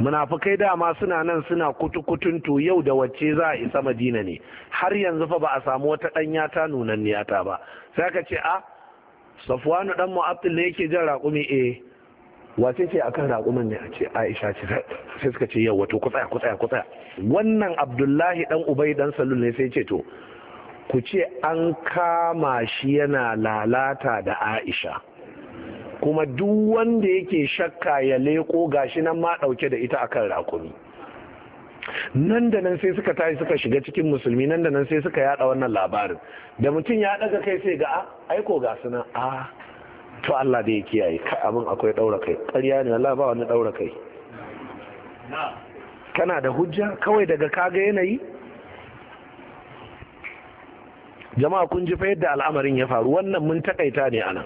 A: munafukai dama suna nan suna kutukutun to yau da wacce za a isa madina ne har yanzu fa ba a samu wata ɗanya ta nunan niyata ba sai ka ce a ah, safwanu dan mu'abdin ne yake jan raƙumi eh wace ce akan raƙumin ne a ce aisha ce sai suka ce yau wato kutsaya kutsaya kutsaya wannan abdullahi dan ubai dan salul ne sai ce to ku ce an kama shi yana lalata da aisha kuma duk wanda yake shakka ya leko gashi nan ma ɗauke da ita akan rakumi nan da nan sai suka tashi suka shiga cikin musulmi nan da nan sai suka yada wannan labarin da mutum ya daga kai sai ga ah, aiko ga suna a ah, to Allah da ya kiyaye kai abin akwai daura kai ƙarya ne Allah ba wani daura kai kana da hujja kawai daga kaga yanayi jama'a kun ji fa yadda al'amarin ya faru wannan mun takaita ne anan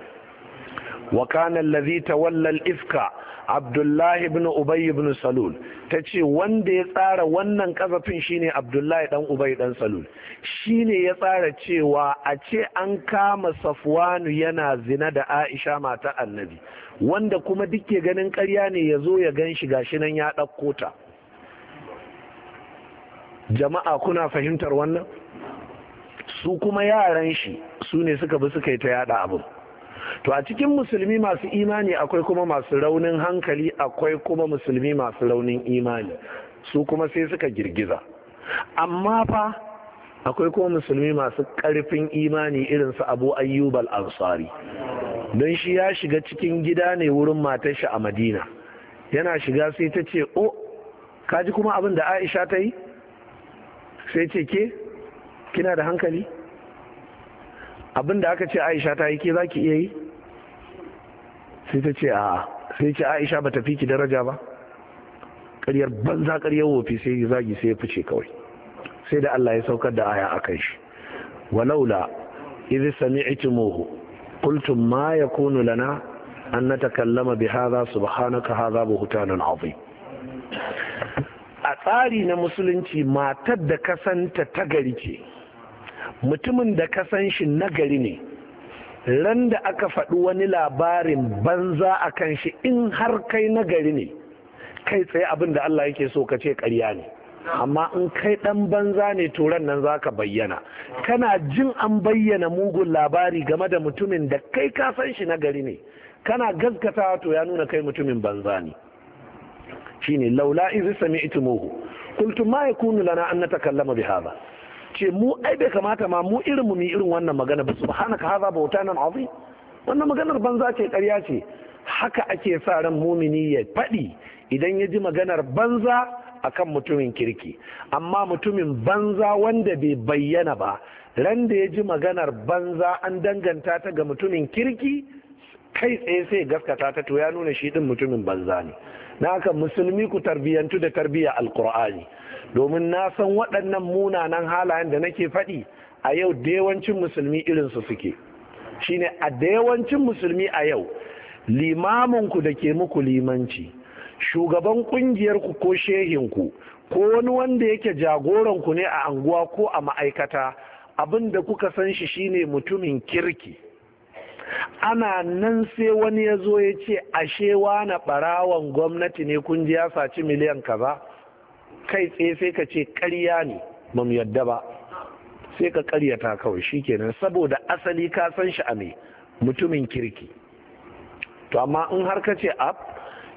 A: wa kana allazi tawalla al-ifka Abdullahi ibn Ubay ibn Salul tace wanda ya tsara wannan kazafin shine Abdullahi dan Ubay dan Salul shine ya tsara cewa a ce an kama Safwanu yana zina da Aisha mata Annabi wanda kuma dukke ganin ƙarya ne ya zo ya gan shi gashi nan ya ɗauko ta jama'a kuna fahimtar wannan su kuma yaran shi su ne suka bi suka yi ta yada abu to a cikin musulmi masu imani akwai kuma masu raunin hankali akwai kuma musulmi masu raunin imani su kuma sai suka girgiza amma fa akwai kuma musulmi masu ƙarfin imani irin su abu ayyub al-ansari don shi ya shiga cikin gida ne wurin matar shi a madina yana shiga sai ta ce o oh, kaji kuma abin da aisha ta yi sai ce ke kina da hankali abinda aka ce aisha ta yi ke za ki iya yi sai ta ce a sai ce aisha ba ta fi ki daraja ba ƙaryar banza ƙaryar wofi sai yi zagi sai ya fice kawai sai da Allah ya saukar da aya a kan shi walaula idh sami'tumuhu kultun ma ya yakunu lana an takallama bi su, hadha subhanaka huta nan abu. a tsari na musulunci matar da kasanta ta gari ce mutumin da ka san shi nagari ne ran da aka faɗi wani labarin banza a kan shi in har kai nagari ne kai tsaye abin da Allah yake so ka ce ƙarya ne amma in kai ɗan banza ne turan nan za ka bayyana kana jin an bayyana mugun labari game da mutumin da kai ka san shi nagari ne kana gaskatawa to ya nuna kai mutumin banza ne shine laula izi sami'tumuhu qultu ma kunu lana an natakallama bi hadha ce mu ai bai kamata ma mu irin mu irin wannan magana ba subhanaka hadha nan azim wannan maganar banza ce karya ce haka ake sa ran mumini ya faɗi idan ya ji maganar banza akan mutumin kirki amma mutumin banza wanda bai bayyana ba ran da ya ji maganar banza an danganta ta ga mutumin kirki kai tsaye sai gaskata ta to ya nuna shi din mutumin banza ne na aka musulmi ku tarbiyyantu da tarbiyya alkur'ani domin na san waɗannan munanan halayen da nake faɗi a yau da yawancin musulmi irinsu suke shine a da yawancin musulmi a yau limaminku da ke muku limanci shugaban ƙungiyarku ko shehin ku, ko wani wanda yake jagoranku ne a anguwa ko a ma'aikata abin da kuka san shi shine mutumin kirki ana nan sai wani ya zo ya ce ashe na barawan gwamnati ne kun ji ya saci miliyan kaza kai tsaye sai ka ce karya ne ba mu yadda ba sai ka karyata kawai shikenan saboda asali ka san shi a me mutumin kirki to amma in har ka ce ab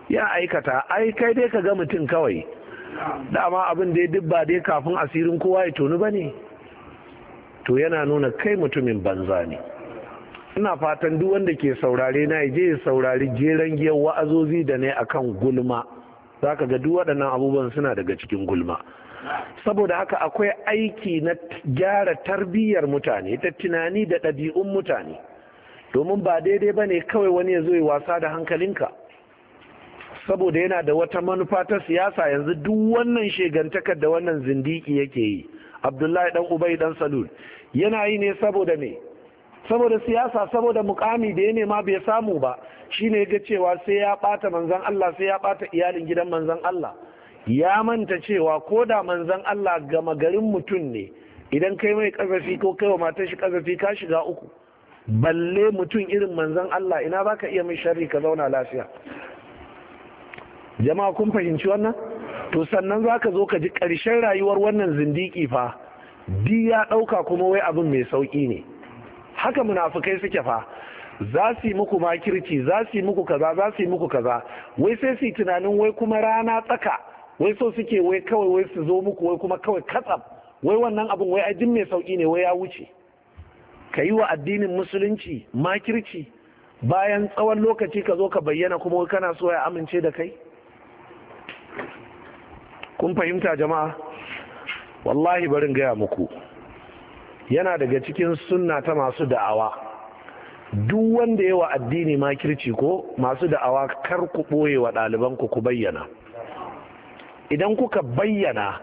A: ya aikata ai kai dai ka ga mutum kawai dama abin da ya dubba dai kafin asirin kowa ya tonu ba ne to yana nuna kai mutumin banza ne ina fatan duk wanda ke saurare na je ya saurari jeren giyar wa'azozi da ne akan gulma za ka ga duk waɗannan abubuwan suna daga cikin gulma saboda haka akwai aiki na gyara tarbiyyar mutane ta tunani da ɗabi'un mutane domin ba daidai ba ne kawai wani ya zo yi wasa da hankalinka saboda yana da wata manufa ta siyasa yanzu duk wannan shegantakar da wannan zindiki yake yi abdullahi dan ubai dan salul yana yi ne saboda me saboda siyasa saboda mukami da ya nema bai samu ba shine ga cewa sai ya bata manzon Allah sai ya bata iyalin gidan manzon Allah ya manta cewa ko da manzon Allah gama garin mutum ne idan kai mai kazafi ko kai wa matar shi kazafi ka shiga uku balle mutum irin manzon Allah ina baka iya mai shari ka zauna lafiya jama'a kun fahimci wannan to sannan zaka zo ka ji karshen rayuwar wannan zindiki fa di ya ɗauka kuma wai abin mai sauƙi ne haka munafukai suke fa za su yi muku makirci za su yi muku kaza za su yi muku kaza wai sai su yi tunanin wai kuma rana tsaka wai so suke wai kawai wai su zo muku wai kuma kawai katsam wai wannan abin wai ajin mai sauki ne wai ya wuce ka yi wa addinin musulunci makirci bayan tsawon lokaci ka zo ka bayyana kuma wai kana so ya amince da kai kun fahimta jama'a wallahi barin gaya muku yana daga cikin sunna ta masu da'awa duk wanda yawa addini ma makirci ko masu da'awa kar ku ɓoye wa ɗalibanku ku bayyana idan kuka bayyana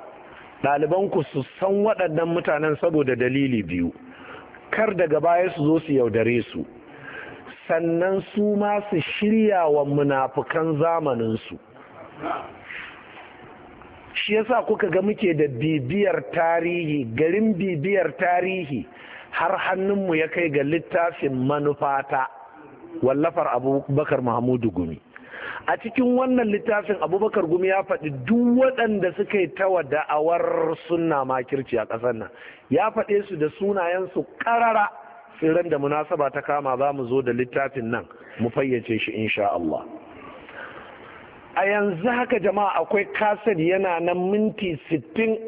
A: ɗalibanku su san waɗannan mutanen saboda dalili biyu kar daga baya su zo su yaudare su sannan su ma su shirya wa munafukan zamaninsu shi yasa kuka ga muke da bibiyar tarihi garin bibiyar tarihi har hannunmu ya kai ga littafin manufata wallafar abubakar mahmudu gumi a cikin wannan littafin abubakar gumi ya faɗi duk waɗanda suka yi tawa da'awar sunna makirci a ƙasar nan ya faɗe su da sunayensu ƙarara tsiran da munasaba ta kama za mu zo da littafin nan mu fayyace shi insha Allah. a yanzu haka jama'a akwai kasar yana nan minti sittin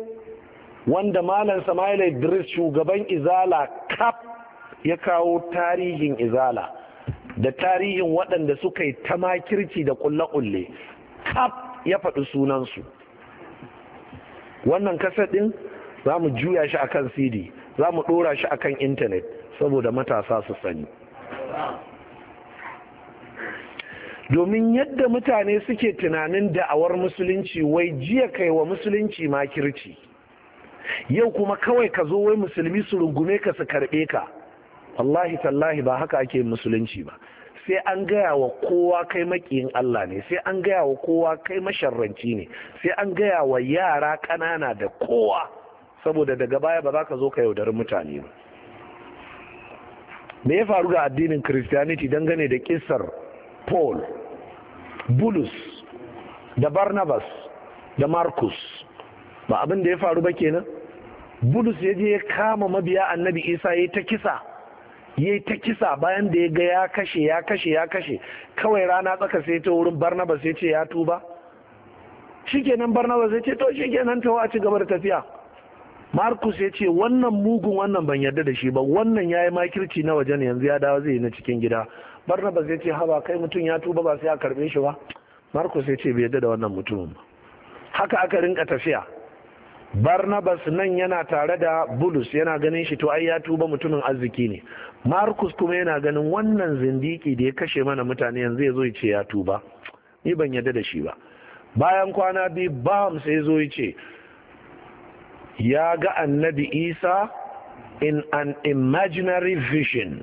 A: wanda malam Sama'il Idris shugaban Izala kap ya kawo tarihin Izala da tarihin waɗanda suka yi ta makirci da ƙulle-ƙulle kap ya faɗi sunansu wannan kasar ɗin za mu juya shi akan CD za mu ɗora shi akan intanet saboda matasa su sani domin yadda mutane suke tunanin da'awar musulunci wai jiya kai wa musulunci ma kirci, yau kuma kawai ka zo wai musulmi su rungume ka su karɓe ka wallahi tallahi ba haka ake musulunci ba sai an gaya wa kowa kai makiyin Allah ne sai an gaya wa kowa kai masharranci ne sai an gaya wa yara ƙanana da kowa saboda daga baya ba za ka zo ka yaudari mutane ba me ya faru ga addinin christianity dangane da kissar paul bulus da barnabas da marcus ba abin da ya faru ba kenan bulus ya je ya kama mabiya annabi isa ya ta kisa ya ta kisa bayan da ya ga ya kashe ya kashe ya kashe kawai rana tsaka sai ta wurin barnabas ya ce ya tuba shikenan barnabas ya ce to shikenan ta wace gaba da tafiya markus ya ce wannan mugun wannan ban yarda da shi ba wannan ya yi makirci na wajen yanzu ya dawo zai yi na cikin gida barnabas zai ce haba kai mutum ya tuba ba sai a karbe shi ba markus zai ce bai yadda da wannan mutumin ba haka aka rinka tafiya barnabas nan yana tare da bulus yana ganin shi to ai ya tuba mutumin arziki ne markus kuma yana ganin wannan zindiki da ya kashe mana mutane yanzu ya zo ya ce ya tuba ni ban yadda da shi ba bayan kwana biyu bam sai zo ya ce ya ga annabi isa in an imaginary vision